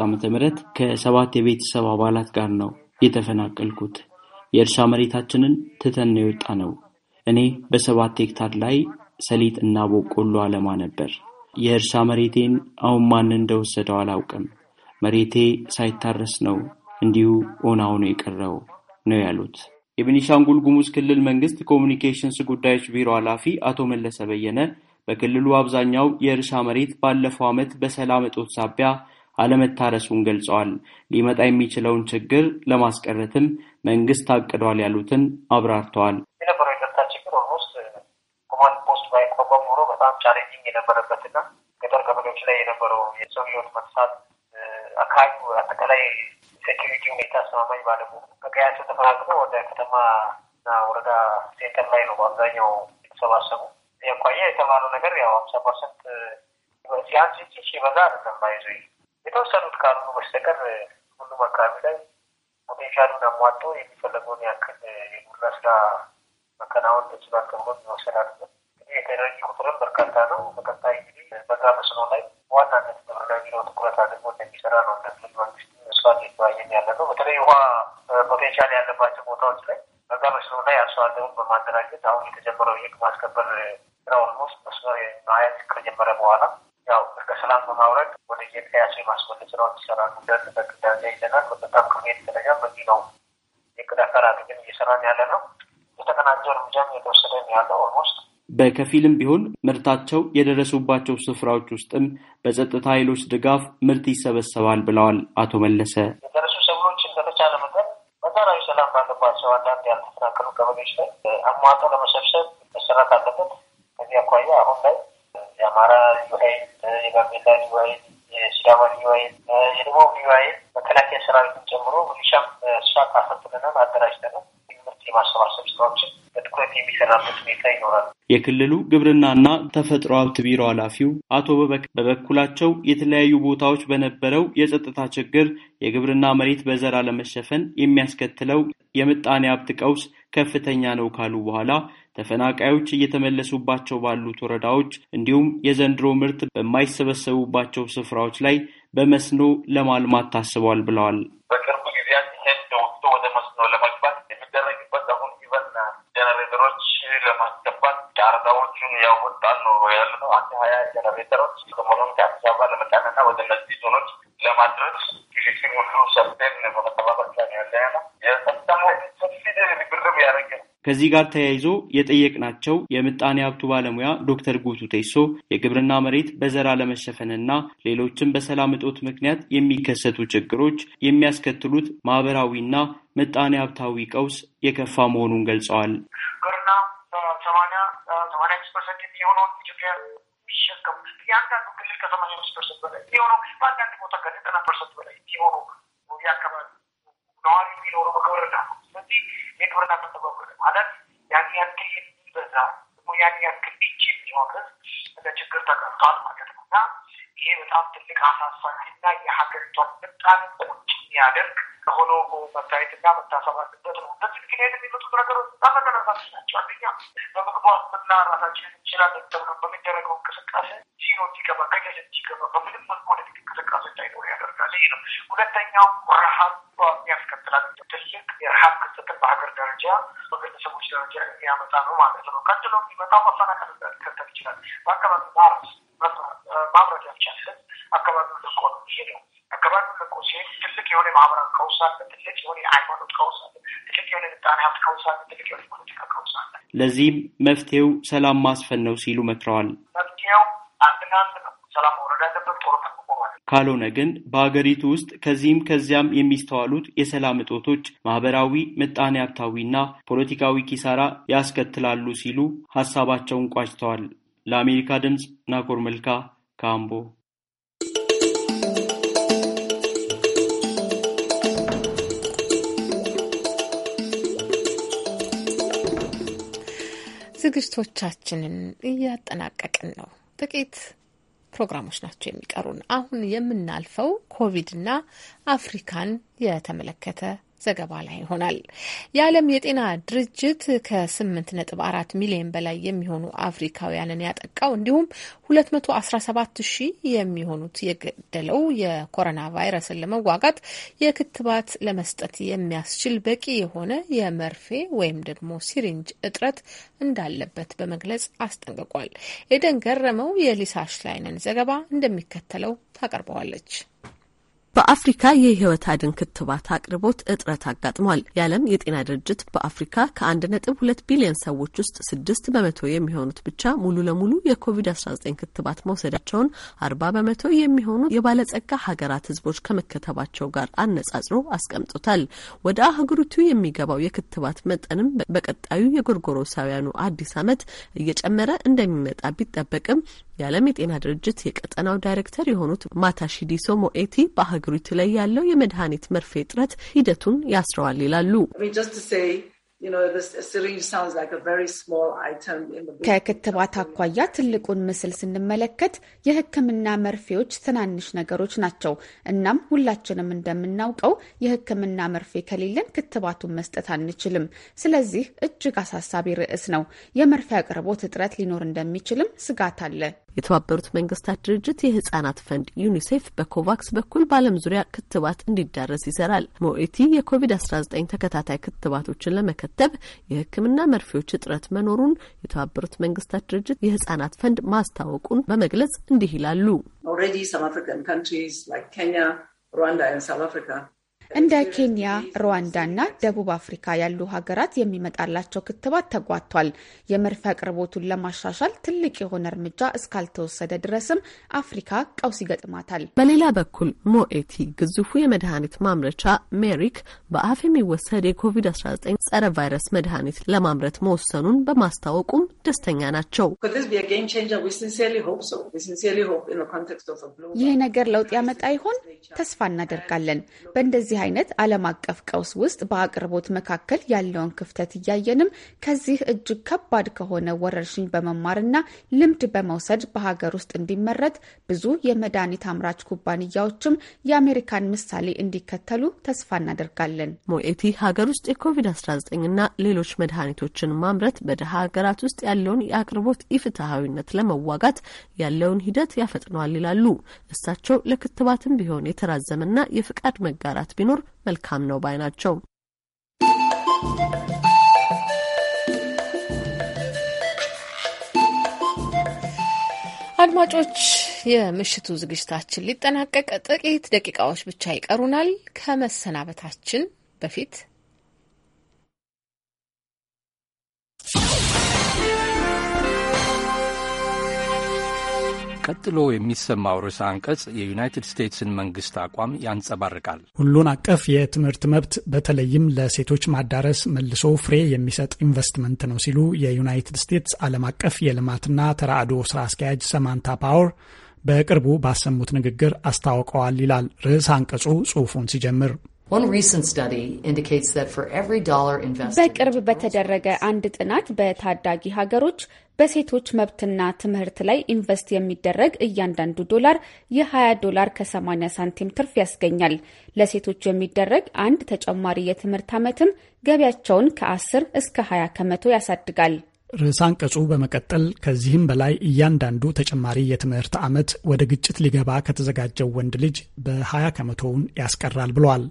ዓ ም ከሰባት የቤተሰብ አባላት ጋር ነው የተፈናቀልኩት። የእርሻ መሬታችንን ትተን ነው የወጣ ነው። እኔ በሰባት ሄክታር ላይ ሰሊጥ እና በቆሎ አለማ ነበር። የእርሻ መሬቴን አሁን ማን እንደወሰደው አላውቅም። መሬቴ ሳይታረስ ነው እንዲሁ ኦና ሆኖ የቀረው ነው ያሉት የቤኒሻንጉል ጉሙዝ ክልል መንግስት ኮሚኒኬሽንስ ጉዳዮች ቢሮ ኃላፊ አቶ መለሰ በየነ በክልሉ አብዛኛው የእርሻ መሬት ባለፈው ዓመት በሰላም እጦት ሳቢያ አለመታረሱን ገልጸዋል። ሊመጣ የሚችለውን ችግር ለማስቀረትም መንግስት አቅዷል ያሉትን አብራርተዋል። ላይ ቆቆም ኖሮ በጣም ቻሌንጂንግ እና ገጠር ቀበሌዎች ላይ የነበረው የሰው ህይወት መጥፋት አካባቢው አጠቃላይ ሴኪሪቲ ሁኔታ አስተማማኝ ባለመሆኑ ከቀያቸው ተፈናቅለው ወደ ከተማ እና ወረዳ ሴንተር ላይ ነው በአብዛኛው የተሰባሰቡ። ያኳያ የተባለው ነገር ያው ሀምሳ ፐርሰንት ሲያንስ እንጂ ሲበዛ አይደለም። ባይዞ የተወሰኑት ካልሆኑ በስተቀር ሁሉም አካባቢ ላይ ፖቴንሻሉን አሟጦ የሚፈለገውን ያክል የጉራ ስራ መከናወን ተችሏል ተብሎ መወሰድ አለበት። የተደራጀ ቁጥርም በርካታ ነው። በቀጣይ እንግዲህ በዛ መስኖ ላይ ዋናነት ግብርና ቢሮ ትኩረት አድርጎ እንደሚሰራ ነው እንደ መንግስት ስፋት የተወያየን ያለ ነው። በተለይ ውሃ ፖቴንሻል ያለባቸው ቦታዎች ላይ በዛ መስኖ ላይ አርሶ አደሩን በማደራጀት አሁን የተጀመረው የህግ ማስከበር ስራ ኦልሞስት መስኖ ማየት ከጀመረ በኋላ ያው እስከ ሰላም በማውረድ ወደ የቀያቸው የማስመለስ ስራዎች ይሰራሉ። ደርስ በቅዳሴ ይዘናል። በጣም ከሜት ደረጃ በዚህ ነው የቅድ አካላት ግን እየሰራን ያለ ነው። የተቀናጀ እርምጃም የተወሰደ ያለ ኦልሞስት በከፊልም ቢሆን ምርታቸው የደረሱባቸው ስፍራዎች ውስጥም በጸጥታ ኃይሎች ድጋፍ ምርት ይሰበሰባል ብለዋል አቶ መለሰ። የደረሱ ሰብሎችን በተቻለ መጠን መጠናዊ ሰላም ባለባቸው አንዳንድ ያልተፈናቀሉ ቀበሌዎች ላይ አሟጦ ለመሰብሰብ መሰራት አለበት። ከዚህ አኳያ አሁን ላይ የአማራ ልዩ ኃይል፣ የጋምቤላ ልዩ ኃይል፣ የሲዳማ ልዩ ኃይል፣ የደቡብ ልዩ ኃይል መከላከያ ሰራዊትን ጨምሮ ሚሊሻም ስፋት አሰልጥነናል፣ አደራጅተናል። የማሰባሰብ ስራዎችን በትኩረት የሚሰራበት ሁኔታ ይኖራል። የክልሉ ግብርናና ተፈጥሮ ሀብት ቢሮ ኃላፊው አቶ በበኩላቸው የተለያዩ ቦታዎች በነበረው የጸጥታ ችግር የግብርና መሬት በዘር አለመሸፈን የሚያስከትለው የምጣኔ ሀብት ቀውስ ከፍተኛ ነው ካሉ በኋላ ተፈናቃዮች እየተመለሱባቸው ባሉት ወረዳዎች እንዲሁም የዘንድሮ ምርት በማይሰበሰቡባቸው ስፍራዎች ላይ በመስኖ ለማልማት ታስቧል ብለዋል። ጀነሬተሮች ለማስገባት ጫርቃዎቹን ያወጣን ነው ያለ ነው። አንድ ሀያ ጀነሬተሮች ሰሞኑን ከአዲስ አበባ ለመጫንና ወደ እነዚህ ዞኖች ለማድረስ ሽግግር ሁሉ ሰብተን በመተባበር ከዚህ ጋር ተያይዞ የጠየቅናቸው የምጣኔ ሀብቱ ባለሙያ ዶክተር ጉቱ ቴሶ የግብርና መሬት በዘራ ለመሸፈንና ሌሎችም በሰላም እጦት ምክንያት የሚከሰቱ ችግሮች የሚያስከትሉት ማህበራዊና ምጣኔ ሀብታዊ ቀውስ የከፋ መሆኑን ገልጸዋል። ግብርና ሰማንያ ሰማንያ አምስት ፐርሰንት የሚሆነውን ኢትዮጵያ የሚሸከሙት የአንዳንዱ ክልል ከሰማንያ አምስት ፐርሰንት በላይ የሚሆነው በአንዳንድ ቦታ ከዘጠና ፐርሰንት በላይ የሚሆኑ ነዋሪ የሚኖረው በግብርና ነው። ስለዚህ የግብርና መተጓጎል ማለት ያን ያክል የሚበዛ ደግሞ ያን ያክል ቢች የሚሆን ህዝብ እንደ ችግር ተቀርቷል ማለት ነው እና ይሄ በጣም ትልቅ አሳሳቢ እና የሀገሪቷን በጣም ቁጭ የሚያደርግ ሆኖ መታየት መታሰብ መታሰባስበት ነው። በዚህ ምክንያት የሚመጡት ነገሮች በጣም ተነሳሽ ናቸው። አንደኛ በምግባት ምና ራሳችን እንችላለን ተብሎ በሚደረገው እንቅስቃሴ ሲኖ እንዲገባ ከጀል እንዲገባ በምንም መልኩ ወደፊት እንቅስቃሴ እንዳይኖር ያደርጋል። ይህ ነው። ሁለተኛው ረሀብ የሚያስከትላል ትልቅ የረሀብ ክስተትን በሀገር ደረጃ በግለሰቦች ደረጃ የሚያመጣ ነው ማለት ነው። ቀጥሎ የሚመጣው መፈናቀል ከተል ይችላል በአካባቢ ማርስ ማምረት ያልቻለን አካባቢው ነው የሚሄደው። አካባቢው ሲሄድ ትልቅ የሆነ የማህበራዊ ቀውስ አለ፣ ትልቅ የሆነ የሃይማኖት ቀውስ አለ፣ ትልቅ የሆነ ምጣኔ ሀብት ቀውስ አለ፣ ትልቅ የሆነ ቀውስ አለ። ለዚህም መፍትሄው ሰላም ማስፈን ነው ሲሉ መክረዋል። መፍትሄው አንድና አንድ ነው። ሰላም መውረድ አለበት። ጦርነት ካልሆነ ግን በሀገሪቱ ውስጥ ከዚህም ከዚያም የሚስተዋሉት የሰላም እጦቶች ማህበራዊ፣ ምጣኔ ሀብታዊና ፖለቲካዊ ኪሳራ ያስከትላሉ ሲሉ ሀሳባቸውን ቋጭተዋል። ለአሜሪካ ድምፅ ናኮር መልካ ካምቦ ዝግጅቶቻችንን እያጠናቀቅን ነው። ጥቂት ፕሮግራሞች ናቸው የሚቀሩን። አሁን የምናልፈው ኮቪድና አፍሪካን የተመለከተ ዘገባ ላይ ይሆናል። የዓለም የጤና ድርጅት ከ8.4 ሚሊዮን በላይ የሚሆኑ አፍሪካውያንን ያጠቃው እንዲሁም 217 ሺህ የሚሆኑት የገደለው የኮሮና ቫይረስን ለመዋጋት የክትባት ለመስጠት የሚያስችል በቂ የሆነ የመርፌ ወይም ደግሞ ሲሪንጅ እጥረት እንዳለበት በመግለጽ አስጠንቅቋል። ኤደን ገረመው የሊሳ ሽላይንን ዘገባ እንደሚከተለው ታቀርበዋለች። በአፍሪካ የህይወት አድን ክትባት አቅርቦት እጥረት አጋጥሟል። የዓለም የጤና ድርጅት በአፍሪካ ከአንድ ነጥብ ሁለት ቢሊዮን ሰዎች ውስጥ ስድስት በመቶ የሚሆኑት ብቻ ሙሉ ለሙሉ የኮቪድ አስራ ዘጠኝ ክትባት መውሰዳቸውን አርባ በመቶ የሚሆኑ የባለጸጋ ሀገራት ህዝቦች ከመከተባቸው ጋር አነጻጽሮ አስቀምጦታል። ወደ አህጉሪቱ የሚገባው የክትባት መጠንም በቀጣዩ የጎርጎሮሳውያኑ አዲስ ዓመት እየጨመረ እንደሚመጣ ቢጠበቅም የዓለም የጤና ድርጅት የቀጠናው ዳይሬክተር የሆኑት ማታሺዲሶ ሞኤቲ በሀገሪቱ ላይ ያለው የመድኃኒት መርፌ እጥረት ሂደቱን ያስረዋል ይላሉ። ከክትባት አኳያ ትልቁን ምስል ስንመለከት የሕክምና መርፌዎች ትናንሽ ነገሮች ናቸው። እናም ሁላችንም እንደምናውቀው የሕክምና መርፌ ከሌለን ክትባቱን መስጠት አንችልም። ስለዚህ እጅግ አሳሳቢ ርዕስ ነው። የመርፌ አቅርቦት እጥረት ሊኖር እንደሚችልም ስጋት አለ። የተባበሩት መንግስታት ድርጅት የህጻናት ፈንድ ዩኒሴፍ በኮቫክስ በኩል በዓለም ዙሪያ ክትባት እንዲዳረስ ይሰራል። ሞኤቲ የኮቪድ-19 ተከታታይ ክትባቶችን ለመከተብ የህክምና መርፌዎች እጥረት መኖሩን የተባበሩት መንግስታት ድርጅት የህጻናት ፈንድ ማስታወቁን በመግለጽ እንዲህ ይላሉ። ሩዋንዳ እንደ ኬንያ፣ እና ደቡብ አፍሪካ ያሉ ሀገራት የሚመጣላቸው ክትባት ተጓቷል። የመርፌ አቅርቦቱን ለማሻሻል ትልቅ የሆነ እርምጃ እስካልተወሰደ ድረስም አፍሪካ ቀውስ ይገጥማታል። በሌላ በኩል ሞኤቲ ግዙፉ የመድኃኒት ማምረቻ ሜሪክ በአፍ የሚወሰድ የኮቪድ-19 ጸረ ቫይረስ መድኃኒት ለማምረት መወሰኑን በማስታወቁም ደስተኛ ናቸው። ይህ ነገር ለውጥ ያመጣ ይሆን? ተስፋ እናደርጋለን። በእንደዚህ አይነት ዓለም አቀፍ ቀውስ ውስጥ በአቅርቦት መካከል ያለውን ክፍተት እያየንም ከዚህ እጅግ ከባድ ከሆነ ወረርሽኝ በመማርና ልምድ በመውሰድ በሀገር ውስጥ እንዲመረት ብዙ የመድኃኒት አምራች ኩባንያዎችም የአሜሪካን ምሳሌ እንዲከተሉ ተስፋ እናደርጋለን። ሞኤቲ ሀገር ውስጥ የኮቪድ-19ና ሌሎች መድኃኒቶችን ማምረት በድሃ ሀገራት ውስጥ ያለውን የአቅርቦት ኢፍትሐዊነት ለመዋጋት ያለውን ሂደት ያፈጥነዋል ይላሉ። እሳቸው ለክትባትም ቢሆን የተራዘመና የፍቃድ መጋራት ቢኖር መልካም ነው ባይ ናቸው። አድማጮች የምሽቱ ዝግጅታችን ሊጠናቀቅ ጥቂት ደቂቃዎች ብቻ ይቀሩናል። ከመሰናበታችን በፊት ቀጥሎ የሚሰማው ርዕሰ አንቀጽ የዩናይትድ ስቴትስን መንግስት አቋም ያንጸባርቃል። ሁሉን አቀፍ የትምህርት መብት በተለይም ለሴቶች ማዳረስ መልሶ ፍሬ የሚሰጥ ኢንቨስትመንት ነው ሲሉ የዩናይትድ ስቴትስ ዓለም አቀፍ የልማትና ተራድኦ ስራ አስኪያጅ ሰማንታ ፓወር በቅርቡ ባሰሙት ንግግር አስታውቀዋል ይላል ርዕስ አንቀጹ ጽሑፉን ሲጀምር በቅርብ በተደረገ አንድ ጥናት በታዳጊ ሀገሮች በሴቶች መብትና ትምህርት ላይ ኢንቨስት የሚደረግ እያንዳንዱ ዶላር የ20 ዶላር ከ80 ሳንቲም ትርፍ ያስገኛል። ለሴቶች የሚደረግ አንድ ተጨማሪ የትምህርት ዓመትም ገቢያቸውን ከ10 እስከ 20 ከመቶ ያሳድጋል። ርዕስ አንቀጹ በመቀጠል ከዚህም በላይ እያንዳንዱ ተጨማሪ የትምህርት ዓመት ወደ ግጭት ሊገባ ከተዘጋጀው ወንድ ልጅ በ20 ከመቶውን ያስቀራል ብሏል።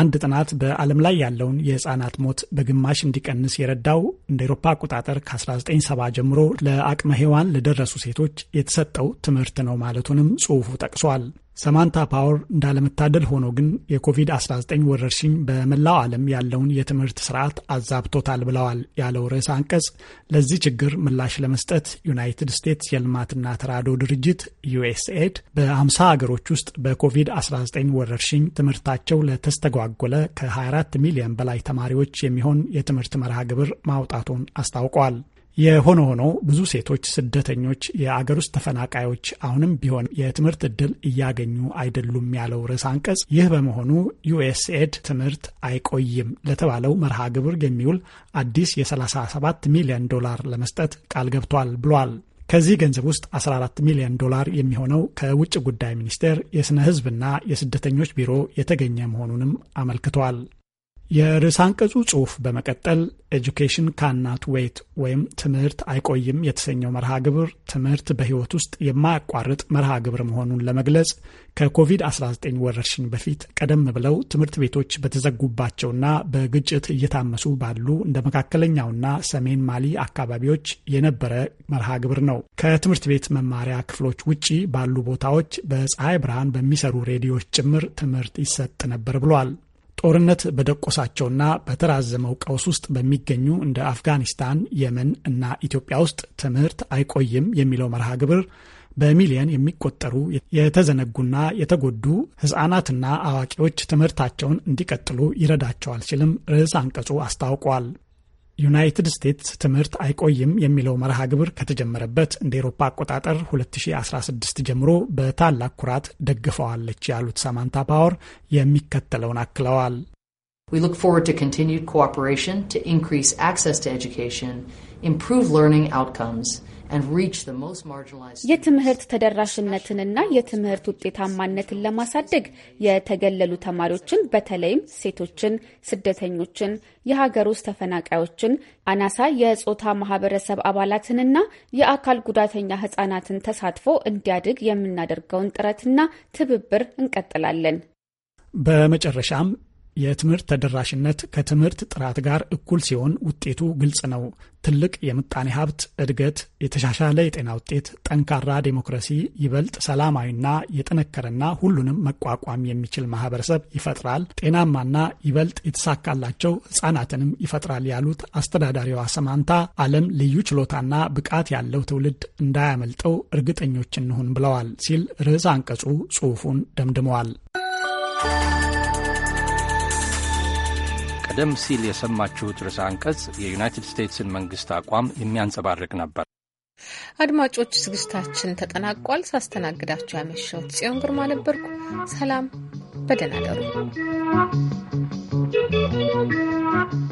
አንድ ጥናት በዓለም ላይ ያለውን የህፃናት ሞት በግማሽ እንዲቀንስ የረዳው እንደ ኤሮፓ አቆጣጠር ከ1970 ጀምሮ ለአቅመ ሔዋን ለደረሱ ሴቶች የተሰጠው ትምህርት ነው ማለቱንም ጽሑፉ ጠቅሷል። ሰማንታ ፓወር እንዳለመታደል ሆኖ ግን የኮቪድ-19 ወረርሽኝ በመላው ዓለም ያለውን የትምህርት ስርዓት አዛብቶታል ብለዋል ያለው ርዕስ አንቀጽ ለዚህ ችግር ምላሽ ለመስጠት ዩናይትድ ስቴትስ የልማትና ተራዶ ድርጅት ዩኤስኤድ በ50 አገሮች ውስጥ በኮቪድ-19 ወረርሽኝ ትምህርታቸው ለተስተጓጎለ ከ24 ሚሊዮን በላይ ተማሪዎች የሚሆን የትምህርት መርሃ ግብር ማውጣቱን አስታውቋል። የሆነ ሆኖ ብዙ ሴቶች ስደተኞች፣ የአገር ውስጥ ተፈናቃዮች አሁንም ቢሆን የትምህርት እድል እያገኙ አይደሉም ያለው ርዕስ አንቀጽ ይህ በመሆኑ ዩኤስኤድ ትምህርት አይቆይም ለተባለው መርሃ ግብር የሚውል አዲስ የ37 ሚሊዮን ዶላር ለመስጠት ቃል ገብቷል ብሏል። ከዚህ ገንዘብ ውስጥ 14 ሚሊዮን ዶላር የሚሆነው ከውጭ ጉዳይ ሚኒስቴር የሥነ ሕዝብና የስደተኞች ቢሮ የተገኘ መሆኑንም አመልክቷል። የርዕስ አንቀጹ ጽሑፍ በመቀጠል ኤጁኬሽን ካናት ዌት ወይም ትምህርት አይቆይም የተሰኘው መርሃ ግብር ትምህርት በሕይወት ውስጥ የማያቋርጥ መርሃ ግብር መሆኑን ለመግለጽ ከኮቪድ-19 ወረርሽኝ በፊት ቀደም ብለው ትምህርት ቤቶች በተዘጉባቸውና በግጭት እየታመሱ ባሉ እንደ መካከለኛውና ሰሜን ማሊ አካባቢዎች የነበረ መርሃ ግብር ነው። ከትምህርት ቤት መማሪያ ክፍሎች ውጪ ባሉ ቦታዎች በፀሐይ ብርሃን በሚሰሩ ሬዲዮዎች ጭምር ትምህርት ይሰጥ ነበር ብሏል። ጦርነት በደቆሳቸውና በተራዘመው ቀውስ ውስጥ በሚገኙ እንደ አፍጋኒስታን፣ የመን እና ኢትዮጵያ ውስጥ ትምህርት አይቆይም የሚለው መርሃ ግብር በሚሊየን የሚቆጠሩ የተዘነጉና የተጎዱ ህጻናትና አዋቂዎች ትምህርታቸውን እንዲቀጥሉ ይረዳቸዋል ሲልም ርዕስ አንቀጹ አስታውቋል። ዩናይትድ ስቴትስ ትምህርት አይቆይም የሚለው መርሃ ግብር ከተጀመረበት እንደ ኤሮፓ አቆጣጠር 2016 ጀምሮ በታላቅ ኩራት ደግፈዋለች ያሉት ሳማንታ ፓወር የሚከተለውን አክለዋል። We look forward to continued cooperation to increase access to education, improve learning outcomes, የትምህርት ተደራሽነትንና የትምህርት ውጤታማነትን ለማሳደግ የተገለሉ ተማሪዎችን በተለይም ሴቶችን፣ ስደተኞችን፣ የሀገር ውስጥ ተፈናቃዮችን፣ አናሳ የጾታ ማህበረሰብ አባላትንና የአካል ጉዳተኛ ህጻናትን ተሳትፎ እንዲያድግ የምናደርገውን ጥረትና ትብብር እንቀጥላለን። በመጨረሻም የትምህርት ተደራሽነት ከትምህርት ጥራት ጋር እኩል ሲሆን ውጤቱ ግልጽ ነው። ትልቅ የምጣኔ ሀብት እድገት፣ የተሻሻለ የጤና ውጤት፣ ጠንካራ ዴሞክራሲ፣ ይበልጥ ሰላማዊና የጠነከረና ሁሉንም መቋቋም የሚችል ማህበረሰብ ይፈጥራል። ጤናማና ይበልጥ የተሳካላቸው ህጻናትንም ይፈጥራል ያሉት አስተዳዳሪዋ ሰማንታ ዓለም ልዩ ችሎታና ብቃት ያለው ትውልድ እንዳያመልጠው እርግጠኞች እንሁን ብለዋል ሲል ርዕስ አንቀጹ ጽሑፉን ደምድመዋል። ቀደም ሲል የሰማችሁት ርዕሰ አንቀጽ የዩናይትድ ስቴትስን መንግስት አቋም የሚያንጸባርቅ ነበር። አድማጮች፣ ዝግጅታችን ተጠናቋል። ሳስተናግዳችሁ ያመሸሁት ጽዮን ግርማ ነበርኩ። ሰላም፣ በደህና you.